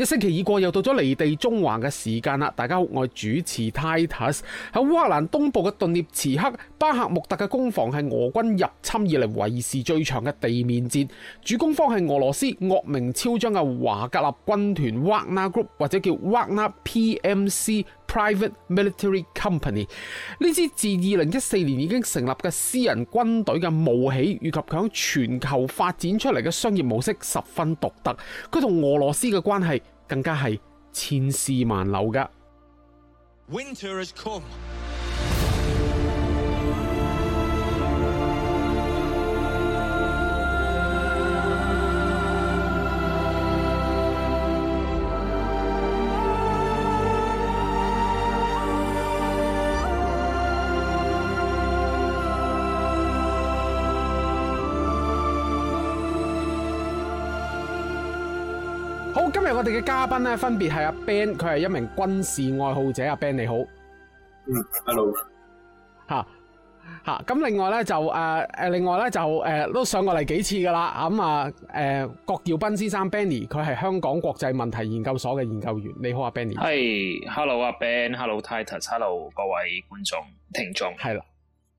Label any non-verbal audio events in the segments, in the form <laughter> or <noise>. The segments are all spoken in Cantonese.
一星期已過，又到咗離地縱橫嘅時間啦！大家好，我係主持 Titus，喺烏克蘭東部嘅頓涅茨克巴赫穆特嘅攻防係俄軍入侵以嚟維持最長嘅地面戰，主攻方係俄羅斯惡名昭彰嘅華格納軍團 （Wagner Group） 或者叫 Wagner PMC。Private Military Company 呢支自二零一四年已經成立嘅私人軍隊嘅冒起，以及佢喺全球發展出嚟嘅商業模式十分獨特。佢同俄羅斯嘅關係更加係千絲萬縷㗎。我哋嘅嘉賓咧，分別係阿 Ben，佢係一名軍事愛好者。阿 Ben 你好，嗯，hello，吓吓，咁另外咧就誒誒，另外咧就誒，都上過嚟幾次噶啦。咁啊，誒，郭耀斌先生，Benny，佢係香港國際問題研究所嘅研究員。你好，阿 Benny。係，hello，阿 Ben，hello，Titus，hello，各位觀眾、聽眾，係啦，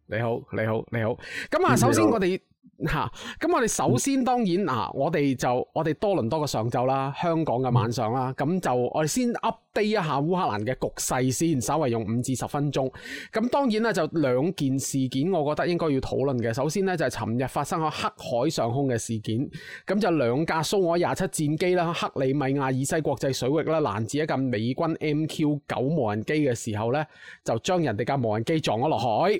你好，你好，你好。咁啊、嗯，首先好我哋。嚇！咁、啊、我哋首先當然啊，我哋就我哋多倫多嘅上晝啦，香港嘅晚上啦，咁就我哋先 update 一下烏克蘭嘅局勢先，稍微用五至十分鐘。咁當然咧就兩件事件，我覺得應該要討論嘅。首先呢，就係尋日發生喺黑海上空嘅事件，咁就兩架蘇俄廿七戰機啦，克里米亞以西國際水域啦，攔住一架美軍 MQ 九無人機嘅時候呢，就將人哋架無人機撞咗落海。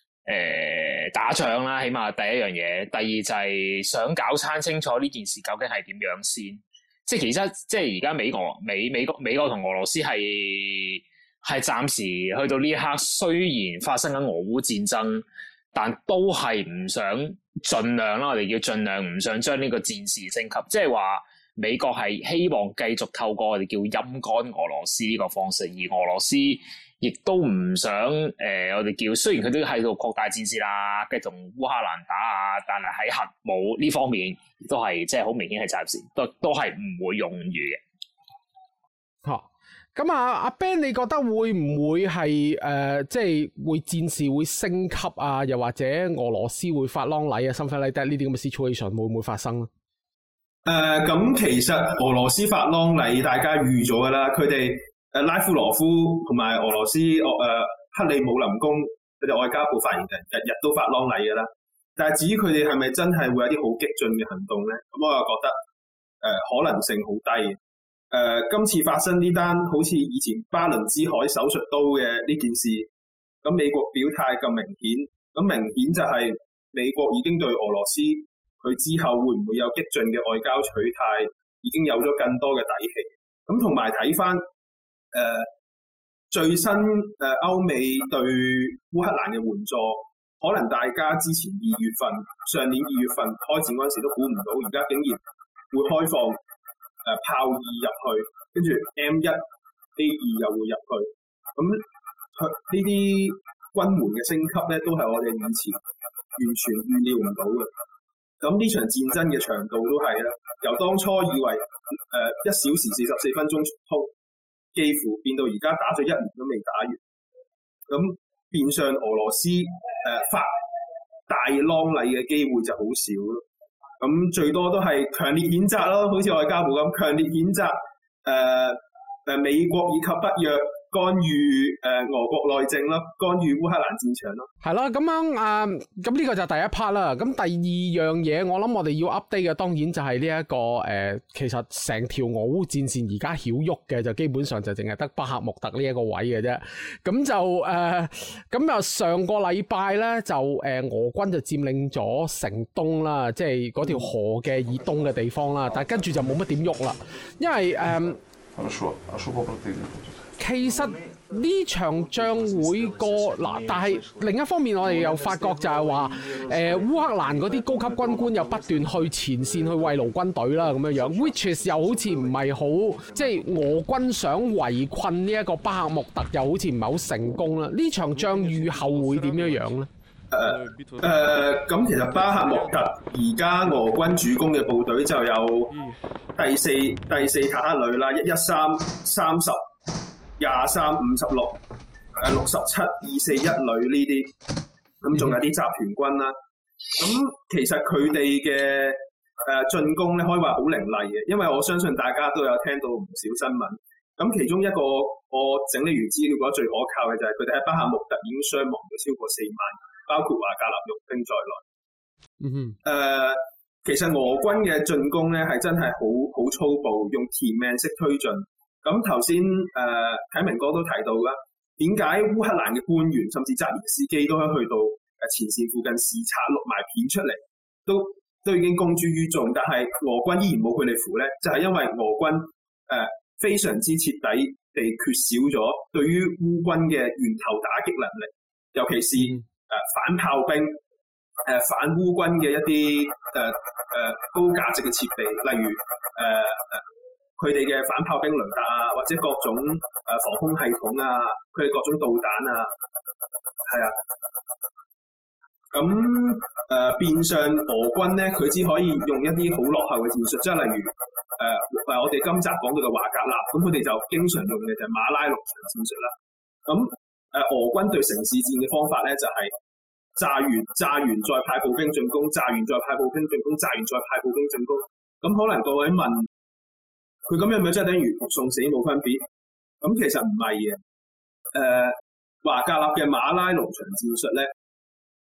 誒打仗啦，起碼第一樣嘢，第二就係想搞清清楚呢件事究竟係點樣先。即係其實即係而家美國美美國美國同俄羅斯係係暫時去到呢一刻，雖然發生緊俄烏戰爭，但都係唔想盡量啦。我哋要盡量唔想將呢個戰事升級，即係話美國係希望繼續透過我哋叫陰乾俄羅斯呢個方式，而俄羅斯。亦都唔想，誒、呃，我哋叫，雖然佢都喺度擴大戰事啦，跟住同烏克蘭打啊，但係喺核武呢方面，都係即係好明顯係暫時都都係唔會用於嘅。好，咁啊，阿、啊、Ben，你覺得會唔會係誒，即、呃、係、就是、會戰事會升級啊？又或者俄羅斯會發狼戾啊、新聞禮啲呢啲咁嘅 situation 會唔會發生咧？誒、呃，咁其實俄羅斯發狼戾，大家預咗㗎啦，佢哋。誒，拉夫羅夫同埋俄羅斯、俄、誒、克里姆林宮，佢哋外交部發言人日日都發喪禮嘅啦，但係至於佢哋係咪真係會有啲好激進嘅行動呢？咁我又覺得誒、呃、可能性好低、呃。今次發生呢單好似以前巴倫支海手術刀嘅呢件事，咁美國表態咁明顯，咁明顯就係美國已經對俄羅斯佢之後會唔會有激進嘅外交取態，已經有咗更多嘅底氣。咁同埋睇返，看看誒，uh, 最新誒、歐、呃、美對烏克蘭嘅援助，可能大家之前二月份、上年二月份開戰嗰陣時都估唔到，而家竟然會開放誒、呃、炮二入去，跟住 M 一 A 二又會入去，咁呢啲軍援嘅升級咧，都係我哋以前完全預料唔到嘅。咁呢場戰爭嘅長度都係啦，由當初以為誒一、呃、小時四十四分鐘，幾乎變到而家打咗一年都未打完，咁變相俄羅斯誒、呃、發大浪禮嘅機會就好少咯，咁最多都係強烈譴責咯，好似外交部咁強烈譴責誒誒、呃、美國以及北約。干預誒、呃、俄國內政啦，干預烏克蘭戰場啦，係咯，咁啱啊！咁、呃、呢個就第一 part 啦。咁第二樣嘢，我諗我哋要 update 嘅，當然就係呢一個誒、呃，其實成條俄烏戰線而家曉喐嘅，就基本上就淨係得巴赫穆特呢一個位嘅啫。咁就誒，咁、呃、啊上個禮拜咧，就誒、呃、俄軍就佔領咗城東啦，即係嗰條河嘅以東嘅地方啦。但係跟住就冇乜點喐啦，因為誒、呃其實呢場仗會過嗱，但係另一方面我哋又發覺就係話，誒、呃、烏克蘭嗰啲高級軍官又不斷去前線去慰勞軍隊啦，咁樣樣。Which is 又好似唔係好，即係俄軍想圍困呢一個巴赫穆特，又好似唔係好成功啦。呢場仗預後會點樣樣咧？誒誒，咁其實巴赫穆特而家俄軍主攻嘅部隊就有第四第四坦克旅啦，一一三三十，廿三五十六，誒六十七二四一旅呢啲，咁仲有啲集團軍啦。咁其實佢哋嘅誒進攻咧，可以話好凌厲嘅，因為我相信大家都有聽到唔少新聞。咁其中一個我整理完資料覺得最可靠嘅就係佢哋喺巴赫穆特已經傷亡咗超過四萬，包括華格納傭兵在內。嗯哼，誒，其實俄軍嘅進攻咧係真係好好粗暴，用填命式推進。咁頭先誒啟明哥都提到啦，點解烏克蘭嘅官員甚至澤連斯基都可以去到誒前線附近視察，錄埋片出嚟，都都已經公諸於眾，但係俄軍依然冇佢哋符咧，就係、是、因為俄軍誒、呃、非常之徹底地缺少咗對於烏軍嘅源頭打擊能力，尤其是誒、呃、反炮兵、誒、呃、反烏軍嘅一啲誒誒高價值嘅設備，例如誒誒。呃呃佢哋嘅反炮兵雷達啊，或者各種誒、呃、防空系統啊，佢哋各種導彈啊，係啊，咁誒、呃、變相俄軍咧，佢只可以用一啲好落後嘅戰術，即係例如誒誒、呃，我哋今集講到嘅華格納，咁佢哋就經常用嘅就馬拉龍長戰術啦。咁誒、呃、俄軍對城市戰嘅方法咧，就係、是、炸完炸完再派步兵進攻，炸完再派步兵進攻，炸完再派步兵進攻。咁可能各位問？佢咁樣咪真係等於送死冇分別？咁其實唔係嘅。誒、呃，華格納嘅馬拉隆長戰術咧，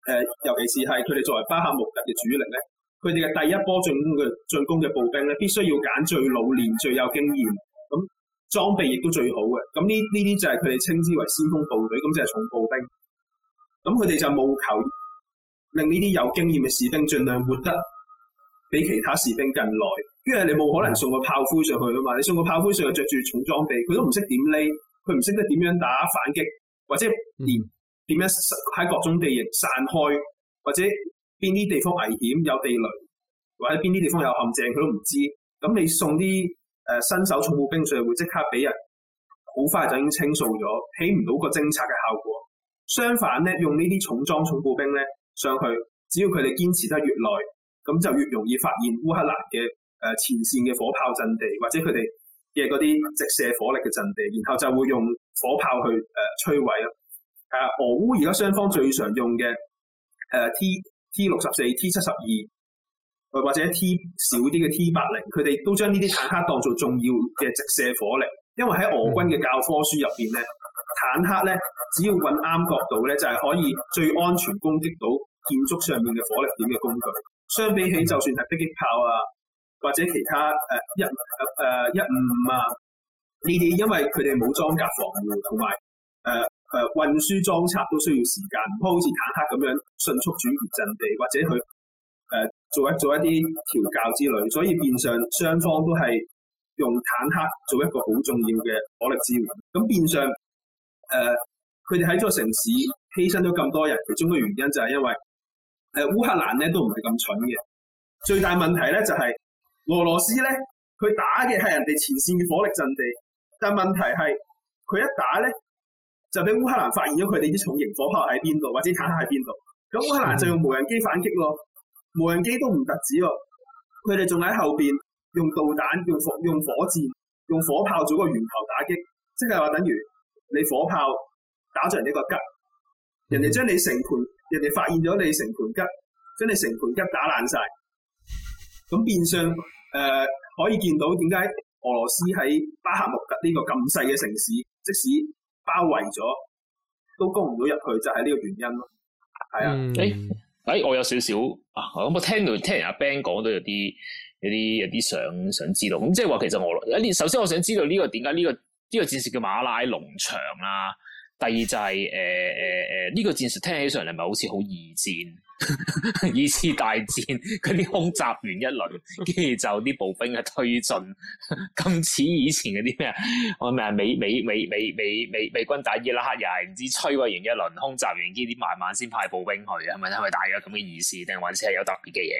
誒、呃，尤其是係佢哋作為巴赫穆特嘅主力咧，佢哋嘅第一波進攻嘅進攻嘅步兵咧，必須要揀最老練、最有經驗，咁裝備亦都最好嘅。咁呢呢啲就係佢哋稱之為先鋒部隊，咁即係重步兵。咁佢哋就務求令呢啲有經驗嘅士兵儘量活得，比其他士兵更耐，因為你冇可能送個炮灰上去啊嘛！你送個炮灰上去，着住重裝備，佢都唔識點匿，佢唔識得點樣打反擊，或者點點樣喺各種地形散開，或者邊啲地方危險有地雷，或者邊啲地方有陷阱，佢都唔知。咁你送啲誒新手重步兵上去，會即刻俾人好快就已經清掃咗，起唔到個偵察嘅效果。相反咧，用呢啲重裝重步兵咧上去，只要佢哋堅持得越耐。咁就越容易發現烏克蘭嘅誒前線嘅火炮陣地，或者佢哋嘅嗰啲直射火力嘅陣地，然後就會用火炮去誒摧毀。誒、啊、俄烏而家雙方最常用嘅誒、啊、T T 六十四、T 七十二，或者 T 少啲嘅 T 八零，佢哋都將呢啲坦克當做重要嘅直射火力，因為喺俄軍嘅教科書入邊咧，坦克咧只要揾啱角度咧，就係、是、可以最安全攻擊到建築上面嘅火力點嘅工具。相比起，就算係迫擊炮啊，或者其他誒一誒一五五啊呢啲，因為佢哋冇裝甲防護，同埋誒誒運輸裝拆都需要時間，唔可以好似坦克咁樣迅速轉移陣地，或者佢誒、呃、做一做一啲調教之類，所以變相雙方都係用坦克做一個好重要嘅火力支援。咁變相誒，佢哋喺座城市犧牲咗咁多人，其中嘅原因就係因為。誒，烏克蘭咧都唔係咁蠢嘅，最大問題咧就係、是、俄羅斯咧，佢打嘅係人哋前線嘅火力陣地，但問題係佢一打咧就俾烏克蘭發現咗佢哋啲重型火炮喺邊度，或者坦克喺邊度，咁烏克蘭就用無人機反擊咯，無人機都唔特止哦，佢哋仲喺後邊用導彈、用火、用火箭、用火炮做一個圓球打擊，即係話等於你火炮打咗人哋個吉，人哋將你成盤。人哋發現咗你成盤吉，將你成盤吉打爛晒。咁變相誒、呃、可以見到點解俄羅斯喺巴赫穆特呢個咁細嘅城市，即使包圍咗，都攻唔到入去，就係呢個原因咯。係啊，誒誒、嗯欸欸，我有少少啊，我聽到聽阿 Ben 講都有啲有啲有啲想想知道。咁即係話其實俄羅，首先我想知道呢、呢個點解呢個呢、呢個戰士叫馬拉農場啊？第二就係誒誒誒，呢、呃呃這個戰術聽起上嚟咪好似好二戰、二 <laughs> 次大戰嗰啲 <laughs> 空襲完一輪，跟住就啲步兵嘅推進，咁 <laughs> 似以前嗰啲咩啊？我話咩啊？美美美美美美美軍打伊拉克又係唔知摧毀完一輪空襲完，呢啲慢慢先派步兵去，係咪係咪大約咁嘅意思，定還是係有特別嘅嘢？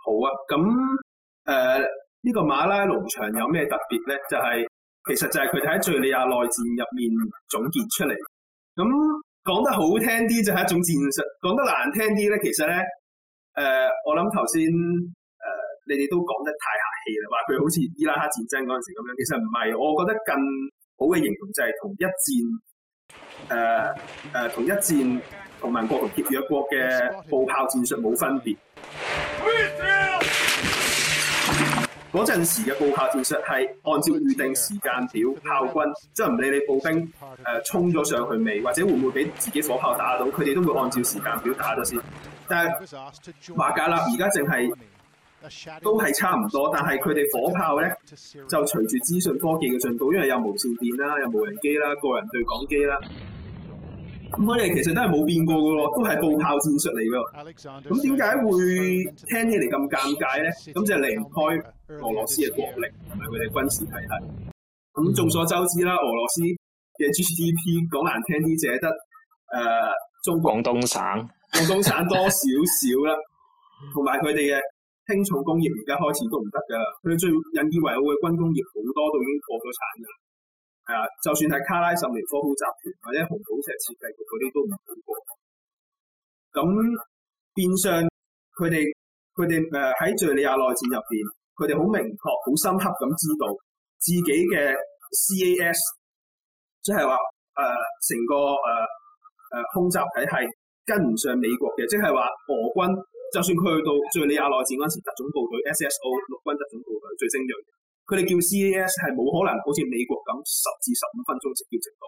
好啊，咁誒呢個馬拉隆場有咩特別咧？就係、是。其實就係佢哋喺敍利亞內戰入面總結出嚟。咁講得好聽啲就係一種戰術，講得難聽啲咧，其實咧，誒、呃，我諗頭先誒你哋都講得太客氣啦，話佢好似伊拉克戰爭嗰陣時咁樣，其實唔係。我覺得更好嘅形容就係同一戰，誒、呃、誒、呃、同一戰同盟國同協約國嘅步炮戰術冇分別。 <noise> 嗰陣時嘅步炮戰術係按照預定時間表炮轟，即係唔理你步兵誒、呃、衝咗上去未，或者會唔會俾自己火炮打到，佢哋都會按照時間表打咗先。但係華格納而家淨係都係差唔多，但係佢哋火炮咧就隨住資訊科技嘅進步，因為有無線電啦，有無人機啦，個人對講機啦，咁佢哋其實都係冇變過噶喎，都係步炮戰術嚟㗎。咁點解會聽起嚟咁尷尬咧？咁就離唔開。俄羅斯嘅國力同埋佢哋軍事體系，咁眾、嗯、所周知啦。俄羅斯嘅 GDP 講難聽啲，只得誒，廣、呃、東省，廣東省多少少啦。同埋佢哋嘅輕重工業而家開始都唔得噶啦。佢最引以為傲嘅軍工業好多都已經破咗產噶啦。係啊，就算係卡拉什尼科夫集團或者紅寶石設計局嗰啲都唔好過。咁變相佢哋佢哋誒喺敘利亞內戰入邊。佢哋好明確、好深刻咁知道自己嘅 CAS，即係話誒成個誒誒、呃呃、空襲體系跟唔上美國嘅，即係話俄軍就算佢去到敍利亞內戰嗰陣時，特種部隊 SSO 陸軍特種部隊最精鋭，佢哋叫 CAS 係冇可能好似美國咁十至十五分鐘直接直到，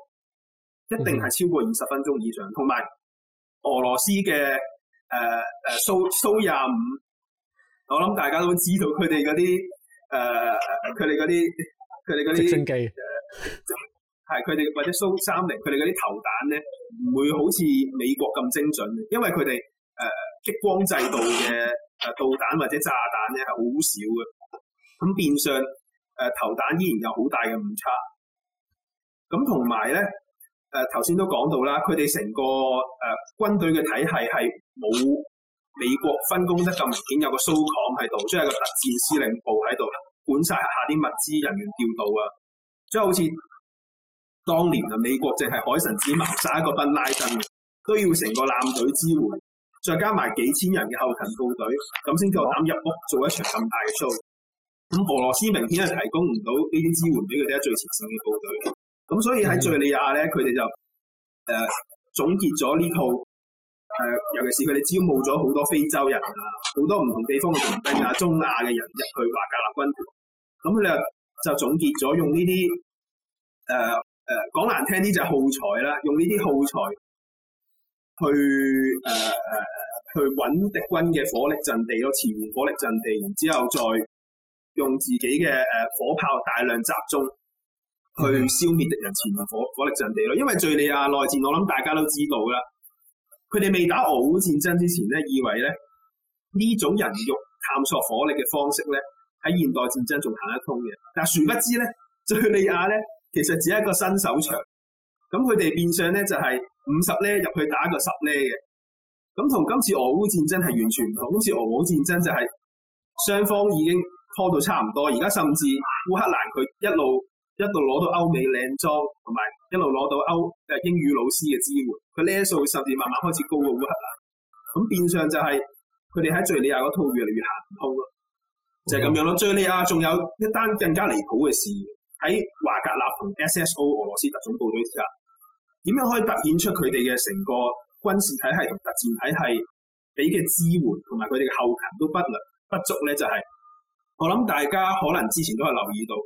一定係超過二十分鐘以上，同埋俄羅斯嘅誒誒蘇蘇廿五。我諗大家都知道佢哋嗰啲，誒、呃，佢哋嗰啲，佢哋嗰啲，係佢哋或者蘇三零，佢哋嗰啲投彈咧，唔會好似美國咁精準，因為佢哋誒激光制導嘅誒導彈或者炸彈咧係好少嘅，咁變相誒投彈依然有好大嘅誤差。咁同埋咧，誒頭先都講到啦，佢哋成個誒、呃、軍隊嘅體系係冇。美國分工得咁明顯有，有個蘇康喺度，即係個特戰司令部喺度管晒下啲物資人員調度啊！即係好似當年啊，美國淨係海神之矛殺一個賓拉登，都要成個艦隊支援，再加埋幾千人嘅後勤部隊，咁先夠膽入屋做一場咁大嘅 show。咁俄羅斯明顯係提供唔到呢啲支援俾佢哋啲最前線嘅部隊。咁所以喺敘利亞咧，佢哋就誒、呃、總結咗呢套。誒，尤其是佢哋招募咗好多非洲人啊，好多唔同地方嘅傭兵啊，中亞嘅人入去華格納軍團。咁佢哋就總結咗用呢啲誒誒，講、啊啊、難聽啲就係耗材啦，用呢啲耗材去誒誒、啊、去揾敵軍嘅火力陣地咯，前護火力陣地，然之後再用自己嘅誒火炮大量集中去消滅敵人前護火火力陣地咯。因為敘利亞內戰，我諗大家都知道㗎啦。佢哋未打俄烏戰爭之前咧，以為咧呢種人肉探索火力嘅方式咧，喺現代戰爭仲行得通嘅。但殊不知咧，敍利亞咧其實只係一個新手場。咁佢哋變相咧就係五十咧入去打一個十咧嘅。咁同今次俄烏戰爭係完全唔同。今次俄烏戰爭就係雙方已經拖到差唔多，而家甚至烏克蘭佢一路。一路攞到歐美靚裝，同埋一路攞到歐誒英語老師嘅支援，佢呢一數甚至慢慢開始高過烏克蘭。咁變相就係佢哋喺敍利亞嗰套越嚟越行唔通咯，嗯、就係咁樣咯。敍利亞仲有一單更加離譜嘅事，喺華格納同 SSO 俄羅斯特種部隊之下，點樣可以突顯出佢哋嘅成個軍事體系同特戰體系俾嘅支援同埋佢哋嘅後勤都不良不足咧？就係、是、我諗大家可能之前都係留意到。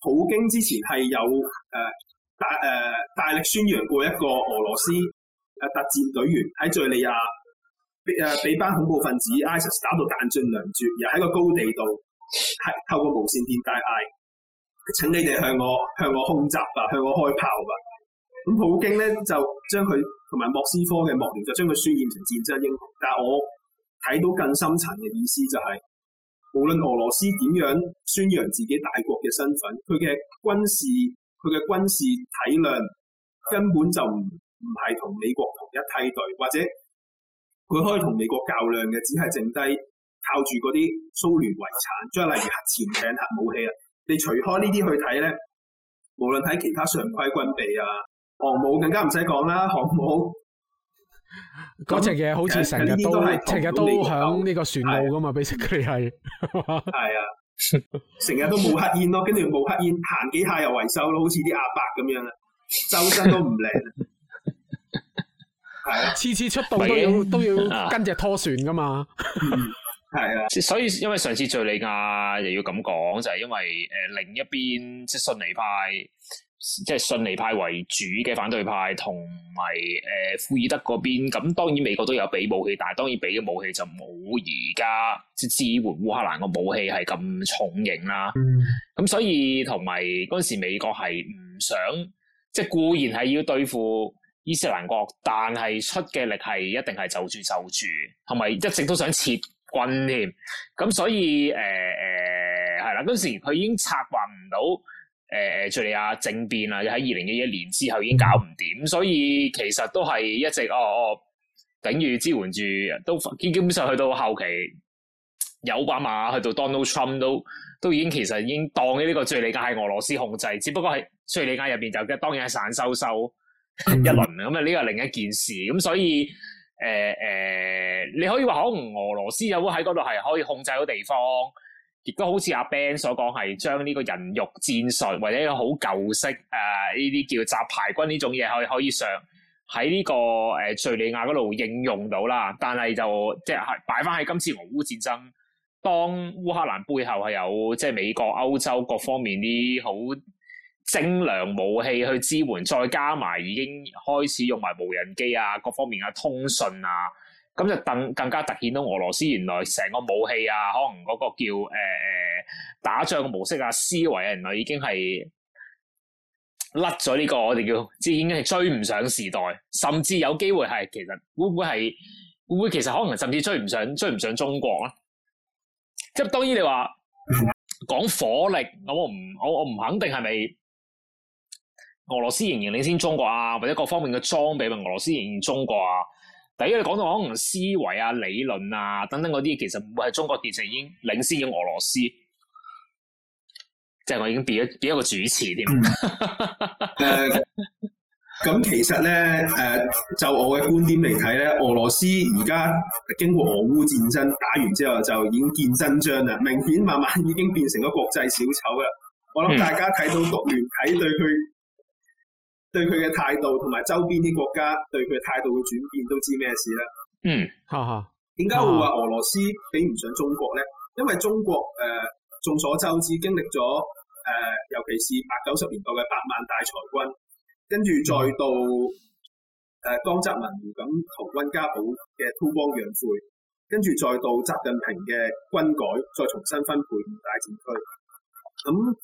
普京之前係有誒大誒大力宣揚過一個俄羅斯誒、呃、特戰隊員喺敍利亞誒俾班恐怖分子 ISIS 打到彈盡糧絕，又喺個高地度係透過無線電帶嗌：請你哋向我向我空襲啊，向我開炮啊！」咁普京咧就將佢同埋莫斯科嘅幕僚就將佢宣揚成戰爭英雄。但係我睇到更深層嘅意思就係、是。無論俄羅斯點樣宣揚自己大國嘅身份，佢嘅軍事佢嘅軍事體量根本就唔唔係同美國同一梯隊，或者佢可以同美國較量嘅，只係剩低靠住嗰啲蘇聯遺產，即係例如核潛艇、核武器啊。你除開呢啲去睇咧，無論睇其他常規軍備啊、航母更加唔使講啦，航母。嗰隻嘢好似成日都成日都響呢個船路噶嘛，俾食佢係係啊，成日 <laughs> 都冇黑煙咯，跟住冇黑煙行幾下又維修咯，好似啲阿伯咁樣啦，周身都唔靚，係 <laughs> 啊，次次出動都要、啊、都要跟隻拖船噶嘛，係、嗯、啊， <laughs> 所以因為上次敘利亞又要咁講，就係、就是、因為誒、呃、另一邊即係遜尼派。即係遜尼派為主嘅反對派，同埋誒庫爾德嗰邊，咁當然美國都有俾武器，但係當然俾嘅武器就冇而家支援烏克蘭個武器係咁重型啦、啊。咁、嗯、所以同埋嗰陣時美國係唔想，即係固然係要對付伊斯蘭國，但係出嘅力係一定係就住就住，同埋一直都想撤軍添。咁所以誒誒係啦，嗰、呃、陣時佢已經策劃唔到。誒誒，敍利、呃、亞政變啊！喺二零一一年之後已經搞唔掂，所以其實都係一直哦哦，等、哦、於支援住，都基基本上去到後期，奧巴馬去到 Donald Trump 都都已經其實已經當咗呢個敍利亞係俄羅斯控制，只不過係敍利亞入邊就當然係散修修一輪咁啊！呢個 <laughs> 另一件事咁，所以誒誒、呃呃，你可以話可能俄羅斯有喺嗰度係可以控制到地方。亦都好似阿 Ben 所講，係將呢個人肉戰術或者一個好舊式誒呢啲叫雜牌軍呢種嘢，可以可以上喺呢個誒敘利亞嗰度應用到啦。但係就即係擺翻喺今次俄烏戰爭，當烏克蘭背後係有即係美國、歐洲各方面啲好精良武器去支援，再加埋已經開始用埋無人機啊，各方面嘅通訊啊。咁就更更加突顯到俄羅斯原來成個武器啊，可能嗰個叫誒誒、呃、打仗嘅模式啊、思維啊，原來已經係甩咗呢個我哋叫即係已經係追唔上時代，甚至有機會係其實會唔會係會唔會其實可能甚至追唔上追唔上中國啊？即係當然你話 <laughs> 講火力，我唔我我唔肯定係咪俄羅斯仍然領先中國啊，或者各方面嘅裝備，咪俄羅斯仍然中國啊？第一，你講到可能思維啊、理論啊等等嗰啲，其實唔會係中國其實已經領先咗俄羅斯，即、就、係、是、我已經變咗變一個主持添、嗯。誒、 <laughs> 呃，咁其實咧，誒、呃、就我嘅觀點嚟睇咧，俄羅斯而家經過俄烏戰爭打完之後，就已經見真章啦，明顯慢慢已經變成咗國際小丑啦。我諗大家睇到國聯睇對佢、嗯。 <laughs> 對佢嘅態度同埋周邊啲國家對佢嘅態度嘅轉變都知咩事啦。嗯，吓吓，點解會話俄羅斯比唔上中國咧？因為中國誒、呃、眾所周知經歷咗誒、呃，尤其是八九十年代嘅百萬大裁軍，跟住再到誒、呃、江澤民咁求、嗯、溫家寶嘅韜光養晦，跟住再到習近平嘅軍改，再重新分配五大戰區。咁、嗯、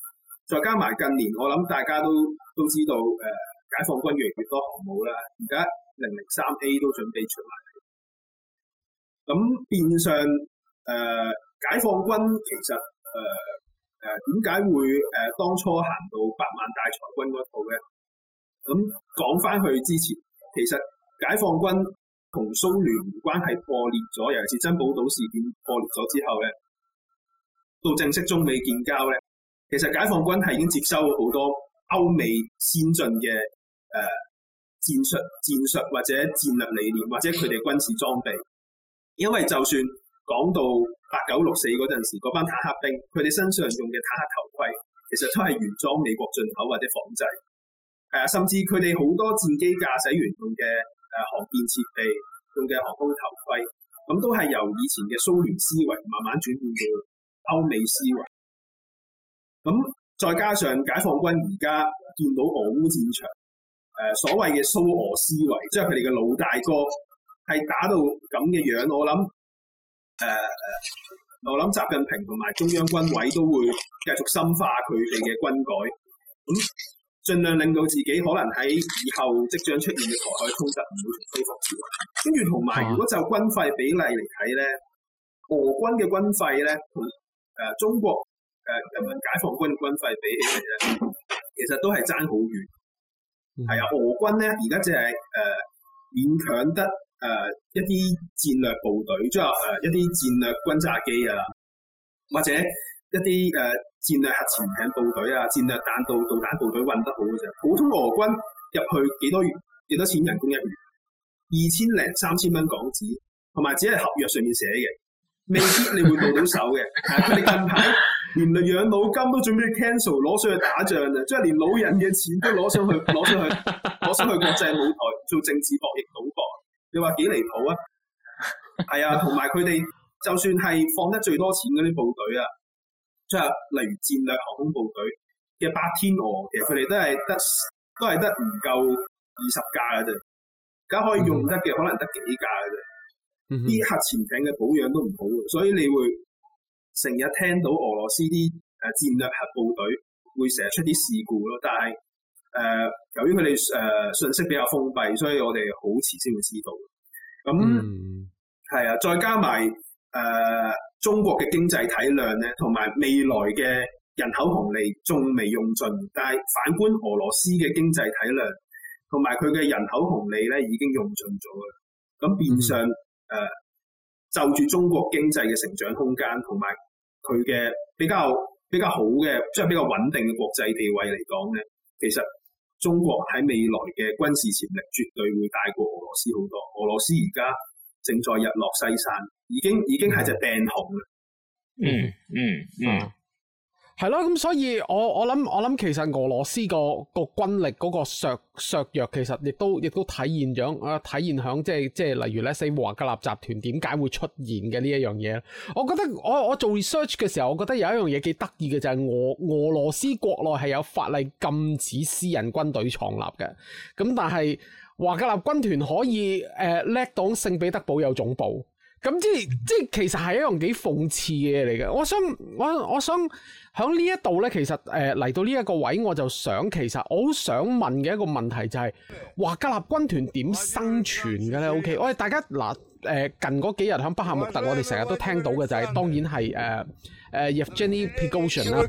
再加埋近年，我諗大家都都知道誒。呃解放軍越嚟越多航母啦，而家零零三 A 都準備出埋嚟。咁變相誒、呃，解放軍其實誒誒點解會誒當初行到百萬大裁軍嗰套咧？咁講翻去之前，其實解放軍同蘇聯關係破裂咗，尤其是珍寶島事件破裂咗之後咧，到正式中美建交咧，其實解放軍係已經接收咗好多歐美先進嘅。誒、啊，戰術戰術或者戰略理念，或者佢哋軍事裝備，因為就算講到八九六四嗰陣時，嗰班坦克兵，佢哋身上用嘅坦克頭盔，其實都係原裝美國進口或者仿製，係啊，甚至佢哋好多戰機駕駛員用嘅誒航電設備，用嘅航空頭盔，咁都係由以前嘅蘇聯思維慢慢轉變到歐美思維，咁再加上解放軍而家見到俄烏戰場。誒所謂嘅蘇俄思維，即係佢哋嘅老大哥，係打到咁嘅樣，樣，我諗誒、呃，我諗習近平同埋中央軍委都會繼續深化佢哋嘅軍改，咁、嗯、盡量令到自己可能喺以後即將出現嘅台海衝突唔會同西方似。跟住同埋，如果就軍費比例嚟睇咧，俄軍嘅軍費咧同誒中國誒、呃、人民解放軍嘅軍費比起嚟咧，其實都係爭好遠。係啊，嗯、俄軍咧而家只係誒、呃、勉強得誒、呃、一啲戰略部隊，即係話一啲戰略轟炸機啊，或者一啲誒、呃、戰略核潛艇部隊啊、戰略彈道導彈部隊運得好嘅啫。普通俄軍入去幾多月幾多錢人工一月？二千零三千蚊港紙，同埋只係合約上面寫嘅，未必你會到到手嘅。 <laughs> 連養老金都準備 cancel，攞上去打仗啊！即係連老人嘅錢都攞上去，攞上去，攞上，上去國際舞台做政治博弈賭博。你話幾離譜啊？係 <laughs> 啊，同埋佢哋就算係放得最多錢嗰啲部隊啊，即係例如戰略航空部隊嘅白天鵝，其實佢哋都係得都係得唔夠二十架嘅啫，而家可以用得嘅可能得幾架嘅啫。啲核、mm hmm. 潛艇嘅保養都唔好，所以你會。成日聽到俄羅斯啲誒戰略核部隊會成日出啲事故咯，但係誒、呃、由於佢哋誒信息比較封閉，所以我哋好遲先會知道。咁係啊，再加埋誒、呃、中國嘅經濟體量咧，同埋未來嘅人口紅利仲未用盡，但係反觀俄羅斯嘅經濟體量同埋佢嘅人口紅利咧已經用盡咗啦。咁變相誒、嗯呃、就住中國經濟嘅成長空間同埋。佢嘅比較比較好嘅，即係比較穩定嘅國際地位嚟講咧，其實中國喺未來嘅軍事潛力絕對會大過俄羅斯好多。俄羅斯而家正在日落西山，已經已經係隻病熊啦。嗯。嗯嗯嗯。係咯，咁所以我我諗我諗其實俄羅斯個個軍力嗰個削削弱，其實亦都亦都體現咗。啊，體現響、呃、即係即係例如咧，西華格納集團點解會出現嘅呢一樣嘢？我覺得我我做 research 嘅時候，我覺得有一樣嘢幾得意嘅就係、是、俄俄羅斯國內係有法例禁止私人軍隊創立嘅，咁但係華格納軍團可以誒叻、呃、到聖彼得堡有總部。咁即係即係，其實係一樣幾諷刺嘅嘢嚟嘅。我想我我想喺呢一度咧，其實誒嚟到呢一個位，我就想其實我好想問嘅一個問題就係，華格納軍團點生存嘅咧？OK，我哋大家嗱誒近嗰幾日喺巴赫穆特，我哋成日都聽到嘅就係，當然係誒誒葉夫根尼·皮高什啦。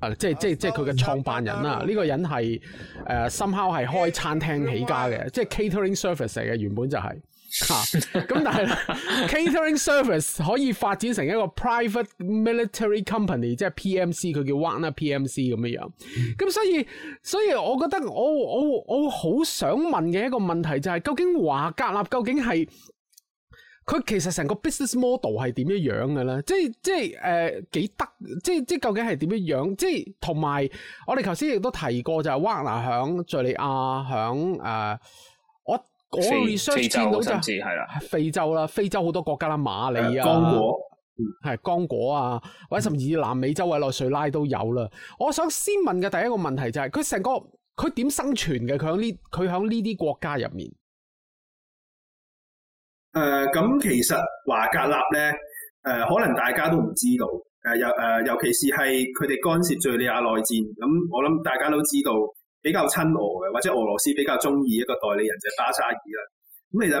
啊！即係即係即係佢嘅創辦人啦、啊！呢、呢個人係誒 somehow 係開餐廳起家嘅， <laughs> 即係 catering service 嚟嘅原本就係、是、嚇。咁、啊、但係 <laughs> catering service 可以發展成一個 private military company，即係 PMC，佢叫 Wagner PMC 咁樣樣。咁所以所以，所以我覺得我我我好想問嘅一個問題就係、是，究竟華格納究竟係？佢其實成個 business model 係點樣嘅咧？即係即係誒、呃、幾得？即係即係究竟係點樣？即係同埋我哋頭先亦都提過就係哇！嗱，響敍利亞、響誒、呃、我四我 research 見到就係、是、非洲啦，非洲好多國家啦，馬里啊，剛、呃、果、嗯、果啊，或者甚至南美洲，或者委內瑞拉都有啦。嗯、我想先問嘅第一個問題就係佢成個佢點生存嘅？佢喺呢佢喺呢啲國家入面。誒咁、呃、其實華格納咧，誒、呃、可能大家都唔知道，誒尤誒尤其是係佢哋干涉敍利亞內戰，咁、呃、我諗大家都知道比較親俄嘅，或者俄羅斯比較中意一個代理人就係、巴沙爾啦。咁、呃、其實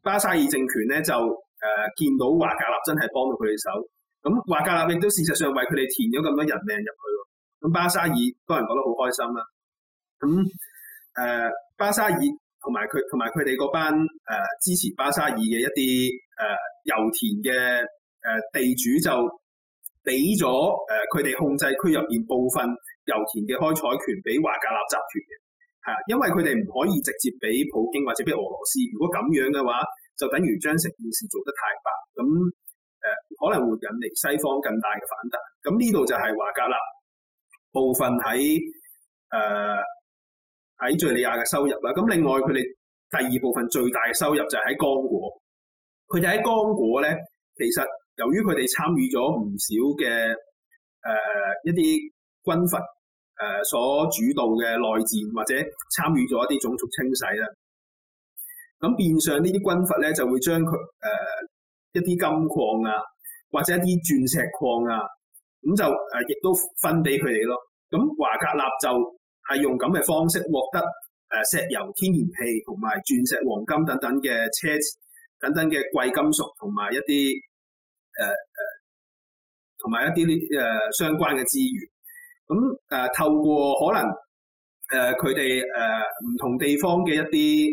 巴沙爾政權咧就誒見到華格納真係幫到佢哋手，咁、呃、華格納亦都事實上為佢哋填咗咁多人命入去，咁、呃、巴沙爾當然覺得好開心啦。咁、呃、誒巴沙爾。同埋佢，同埋佢哋嗰班誒、呃、支持巴沙爾嘅一啲誒、呃、油田嘅誒、呃、地主就俾咗誒佢哋控制區入邊部分油田嘅開採權俾華格納集團嘅，係因為佢哋唔可以直接俾普京或者俾俄羅斯，如果咁樣嘅話，就等於將成件事做得太白，咁誒、呃、可能會引嚟西方更大嘅反彈。咁呢度就係華格納部分喺誒，呃喺敘利亞嘅收入啦，咁另外佢哋第二部分最大嘅收入就喺剛果，佢哋喺剛果咧，其實由於佢哋參與咗唔少嘅誒、呃、一啲軍閥誒所主導嘅內戰或者參與咗一啲種族清洗啦，咁變相呢啲軍閥咧就會將佢誒一啲金礦啊或者一啲鑽石礦啊，咁就誒、呃、亦都分俾佢哋咯，咁華格納就。係用咁嘅方式獲得誒石油、天然氣同埋鑽石、黃金等等嘅車等等嘅貴金屬同埋一啲誒誒同埋一啲啲誒相關嘅資源。咁誒、呃、透過可能誒佢哋誒唔同地方嘅一啲誒、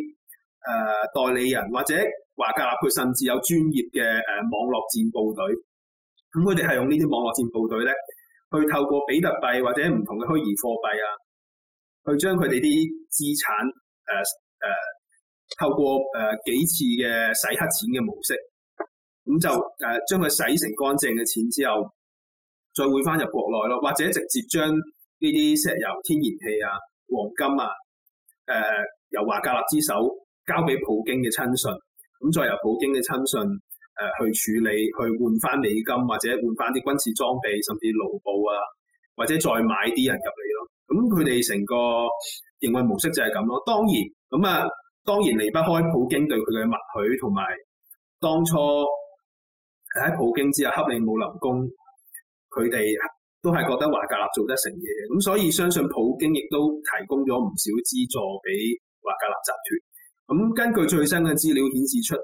呃、代理人或者華格納佢甚至有專業嘅誒、呃、網絡戰部隊。咁佢哋係用呢啲網絡戰部隊咧，去透過比特幣或者唔同嘅虛擬貨幣啊～去將佢哋啲資產，誒誒，透過誒、uh, 幾次嘅洗黑錢嘅模式，咁就誒、uh, 將佢洗成乾淨嘅錢之後，再匯翻入國內咯，或者直接將呢啲石油、天然氣啊、黃金啊，誒、uh, 由華格納之手交俾普京嘅親信，咁再由普京嘅親信誒、uh, 去處理，去換翻美金或者換翻啲軍事裝備，甚至盧布啊，或者再買啲人入嚟咯。咁佢哋成個營運模式就係咁咯。當然，咁啊當然離不開普京對佢嘅默許，同埋當初喺普京之下克里姆林宮，佢哋都係覺得華格納做得成嘢。咁所以相信普京亦都提供咗唔少資助俾華格納集團。咁根據最新嘅資料顯示出，誒、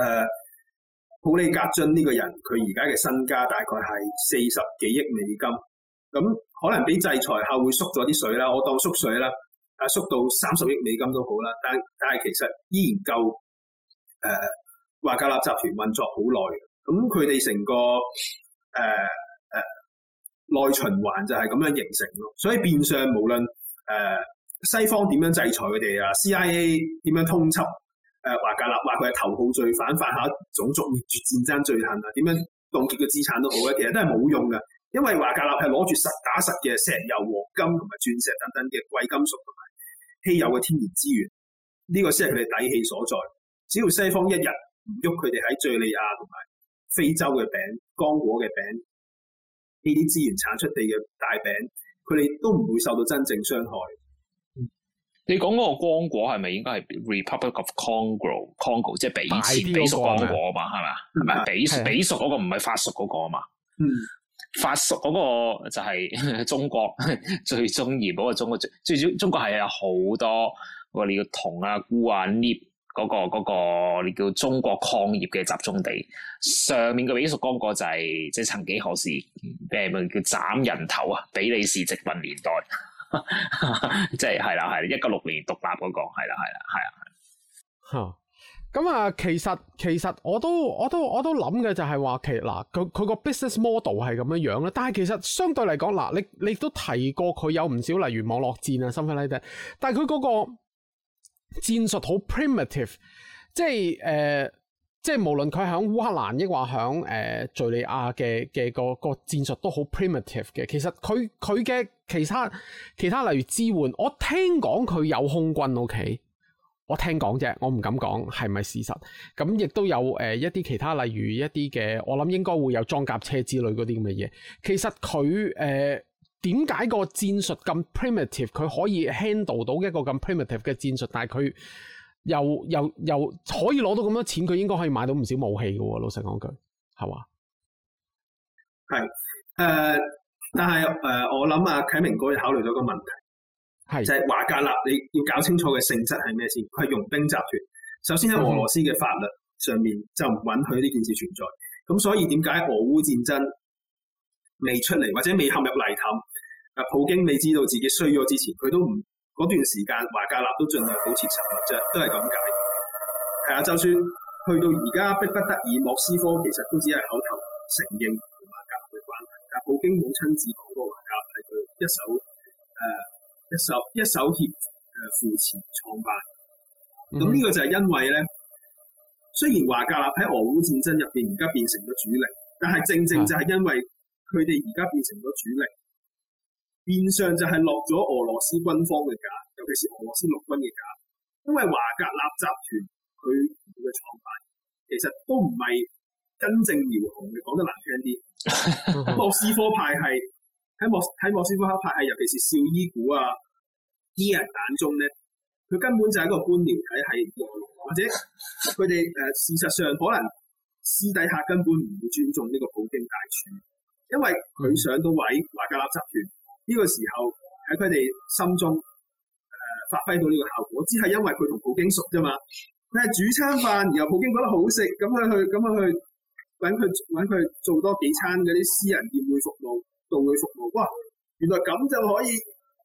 啊、普利格津呢個人佢而家嘅身家大概係四十幾億美金。咁可能俾制裁後會縮咗啲水啦，我當縮水啦，啊縮到三十億美金都好啦，但但係其實依然夠誒、呃、華格納集團運作好耐嘅，咁佢哋成個誒誒、呃呃、內循環就係咁樣形成咯，所以變相無論誒、呃、西方點樣制裁佢哋啊，CIA 點樣通緝誒華格納，話佢係頭號罪犯，犯下種族滅絕戰爭罪行啊，點樣凍結嘅資產都好咧，其實都係冇用嘅。因為華格納係攞住實打實嘅石油、黃金同埋鑽石等等嘅貴金屬同埋稀有嘅天然資源，呢、呢個先係佢哋底氣所在。只要西方一日唔喐佢哋喺敘利亞同埋非洲嘅餅、剛果嘅餅，呢啲資源產出地嘅大餅，佢哋都唔會受到真正傷害。你講嗰個剛果係咪應該係 Republic of Congo？Congo 即係比前個比屬剛果啊嘛？係嘛？係咪比比屬的的個唔係法屬個啊嘛？嗯。 <noise> <noise> 法屬嗰個就係中國最中意，嗰個中國最最中中國係有好多嗰啲叫銅啊、鈷啊、鎳嗰、那個、那個、那個、你叫中國礦業嘅集中地。上面嘅比屬剛果就係、是，即、就、係、是、曾幾何時，咪叫斬人頭啊？比利時殖民年代，即係係啦，係啦，一九六年獨立嗰、那個，係啦，係啦，係啊。Huh. 咁啊、嗯，其實其實我都我都我都諗嘅就係話，其嗱佢佢個 business model 係咁樣樣啦。但係其實相對嚟講，嗱，你你都提過佢有唔少，例如網絡戰啊、新分拉登，但係佢嗰個戰術好 primitive，即係誒、呃，即係無論佢喺烏克蘭亦或喺誒敍利亞嘅嘅個個戰術都好 primitive 嘅。其實佢佢嘅其他其他，其他例如支援，我聽講佢有空軍，O K。Okay? 我聽講啫，我唔敢講係咪事實。咁亦都有誒、呃、一啲其他，例如一啲嘅，我諗應該會有裝甲車之類嗰啲咁嘅嘢。其實佢誒點解個戰術咁 primitive，佢可以 handle 到一個咁 primitive 嘅戰術，但係佢又又又可以攞到咁多錢，佢應該可以買到唔少武器㗎喎、哦。老實講句，係嘛？係誒、呃，但係誒、呃，我諗阿、啊、啟明哥考慮咗個問題。就係華格納，你要搞清楚嘅性質係咩先？佢係傭兵集團。首先喺俄羅斯嘅法律上面就唔允許呢件事存在。咁所以點解俄烏戰爭未出嚟或者未陷入泥潭？啊，普京未知道自己衰咗之前，佢都唔。嗰段時間華格納都盡量保持沉默啫，都係咁解。係啊，就算去到而家迫不得已，莫斯科其實都只係口頭承認同華格納嘅關係，但普京冇親自講過華格納係佢一手誒。呃一手一手協誒扶持，創辦，咁呢、mm hmm. 個就係因為咧，雖然華格納喺俄烏戰爭入邊而家變成咗主力，但係正正就係因為佢哋而家變成咗主力，變相就係落咗俄羅斯軍方嘅架，尤其是俄羅斯陸軍嘅架，因為華格納集團佢嘅創辦，其實都唔係真正苗紅嘅，講得難聽啲，莫斯科派系。喺莫喺莫斯科嗰派系，係尤其是少伊股啊啲人眼中咧，佢根本就係一個官僚體系，或者佢哋誒事實上可能私底下根本唔會尊重呢個普京大廚，因為佢上到位，華格納集團呢個時候喺佢哋心中誒、呃、發揮到呢個效果，只係因為佢同普京熟啫嘛。佢係煮餐飯，然後普京覺得好食，咁佢去咁佢去揾佢揾佢做多幾餐嗰啲私人宴會服務。到佢服務，哇！原來咁就可以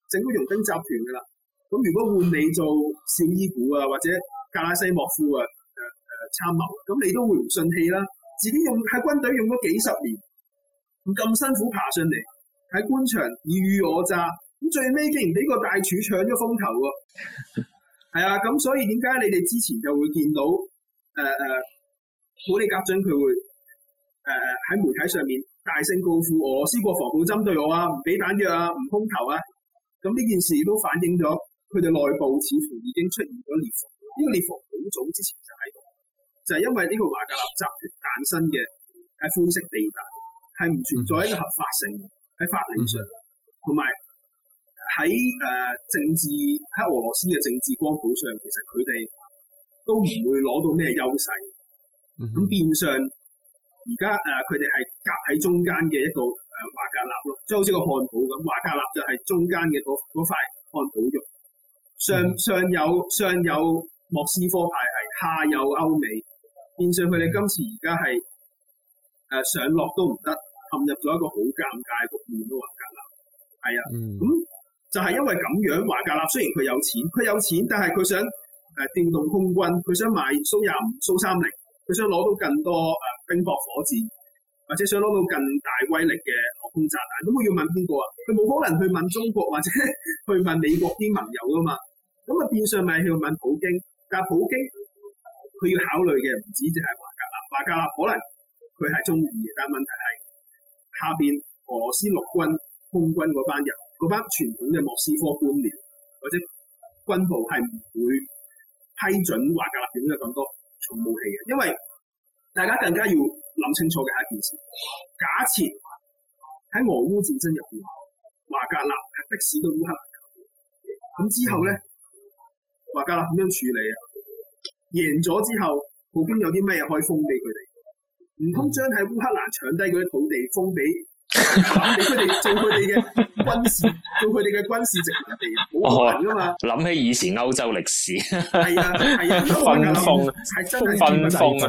整個傭兵集團噶啦。咁如果換你做少伊古啊，或者格拉西莫夫啊，誒誒參謀，咁你都會唔順氣啦。自己用喺軍隊用咗幾十年，咁辛苦爬上嚟，喺官場爾虞我詐，咁最尾竟然俾個大廚搶咗風頭喎。係啊，咁、 <laughs> 啊、所以點解你哋之前就會見到誒誒普利格津佢會誒誒喺媒體上面？大聲告富我，俄羅斯國防部針對我啊，唔俾彈藥啊，唔空投啊，咁呢件事都反映咗佢哋內部似乎已經出現咗裂縫。呢個裂縫好早之前就喺度，就係、是、因為呢個華格納集團誕生嘅喺灰色地帶，係唔存在一個合法性喺法理上，同埋喺誒政治喺俄羅斯嘅政治光譜上，其實佢哋都唔會攞到咩優勢。咁變相。而家誒佢哋係夾喺中間嘅一個誒華格納咯，即係好似個漢堡咁，華格納就係中間嘅嗰嗰塊漢堡肉，上上有上有莫斯科派系，下有歐美，變相佢哋今次而家係誒上落都唔得，陷入咗一個好尷尬嘅局面咯。華格納係啊，咁、嗯嗯、就係、是、因為咁樣，華格納雖然佢有錢，佢有錢，但係佢想誒電動空軍，佢想買蘇廿五、蘇三零。佢想攞到更多誒冰雹火箭，或者想攞到更大威力嘅航空炸彈，咁我要問邊個啊？佢冇可能去問中國或者去問美國啲盟友噶嘛？咁啊變相咪去問普京，但係普京佢要考慮嘅唔止淨係華格納，華格納可能佢係鍾意，但係問題係下邊俄羅斯陸軍空軍嗰班人，嗰班傳統嘅莫斯科官僚或者軍部係唔會批准華格納點解咁多。重武器嘅。因為大家更加要諗清楚嘅係一件事，假設喺俄烏戰爭入邊，華格納係迫使到烏克蘭，咁之後咧，華格納點樣處理啊？贏咗之後，普京有啲咩可以封俾佢哋？唔通將喺烏克蘭搶低嗰啲土地封俾？俾佢哋做佢哋嘅軍事，做佢哋嘅軍事殖民地，好可能噶嘛？諗起以前歐洲歷史，係啊係啊，分封係真係分封啊！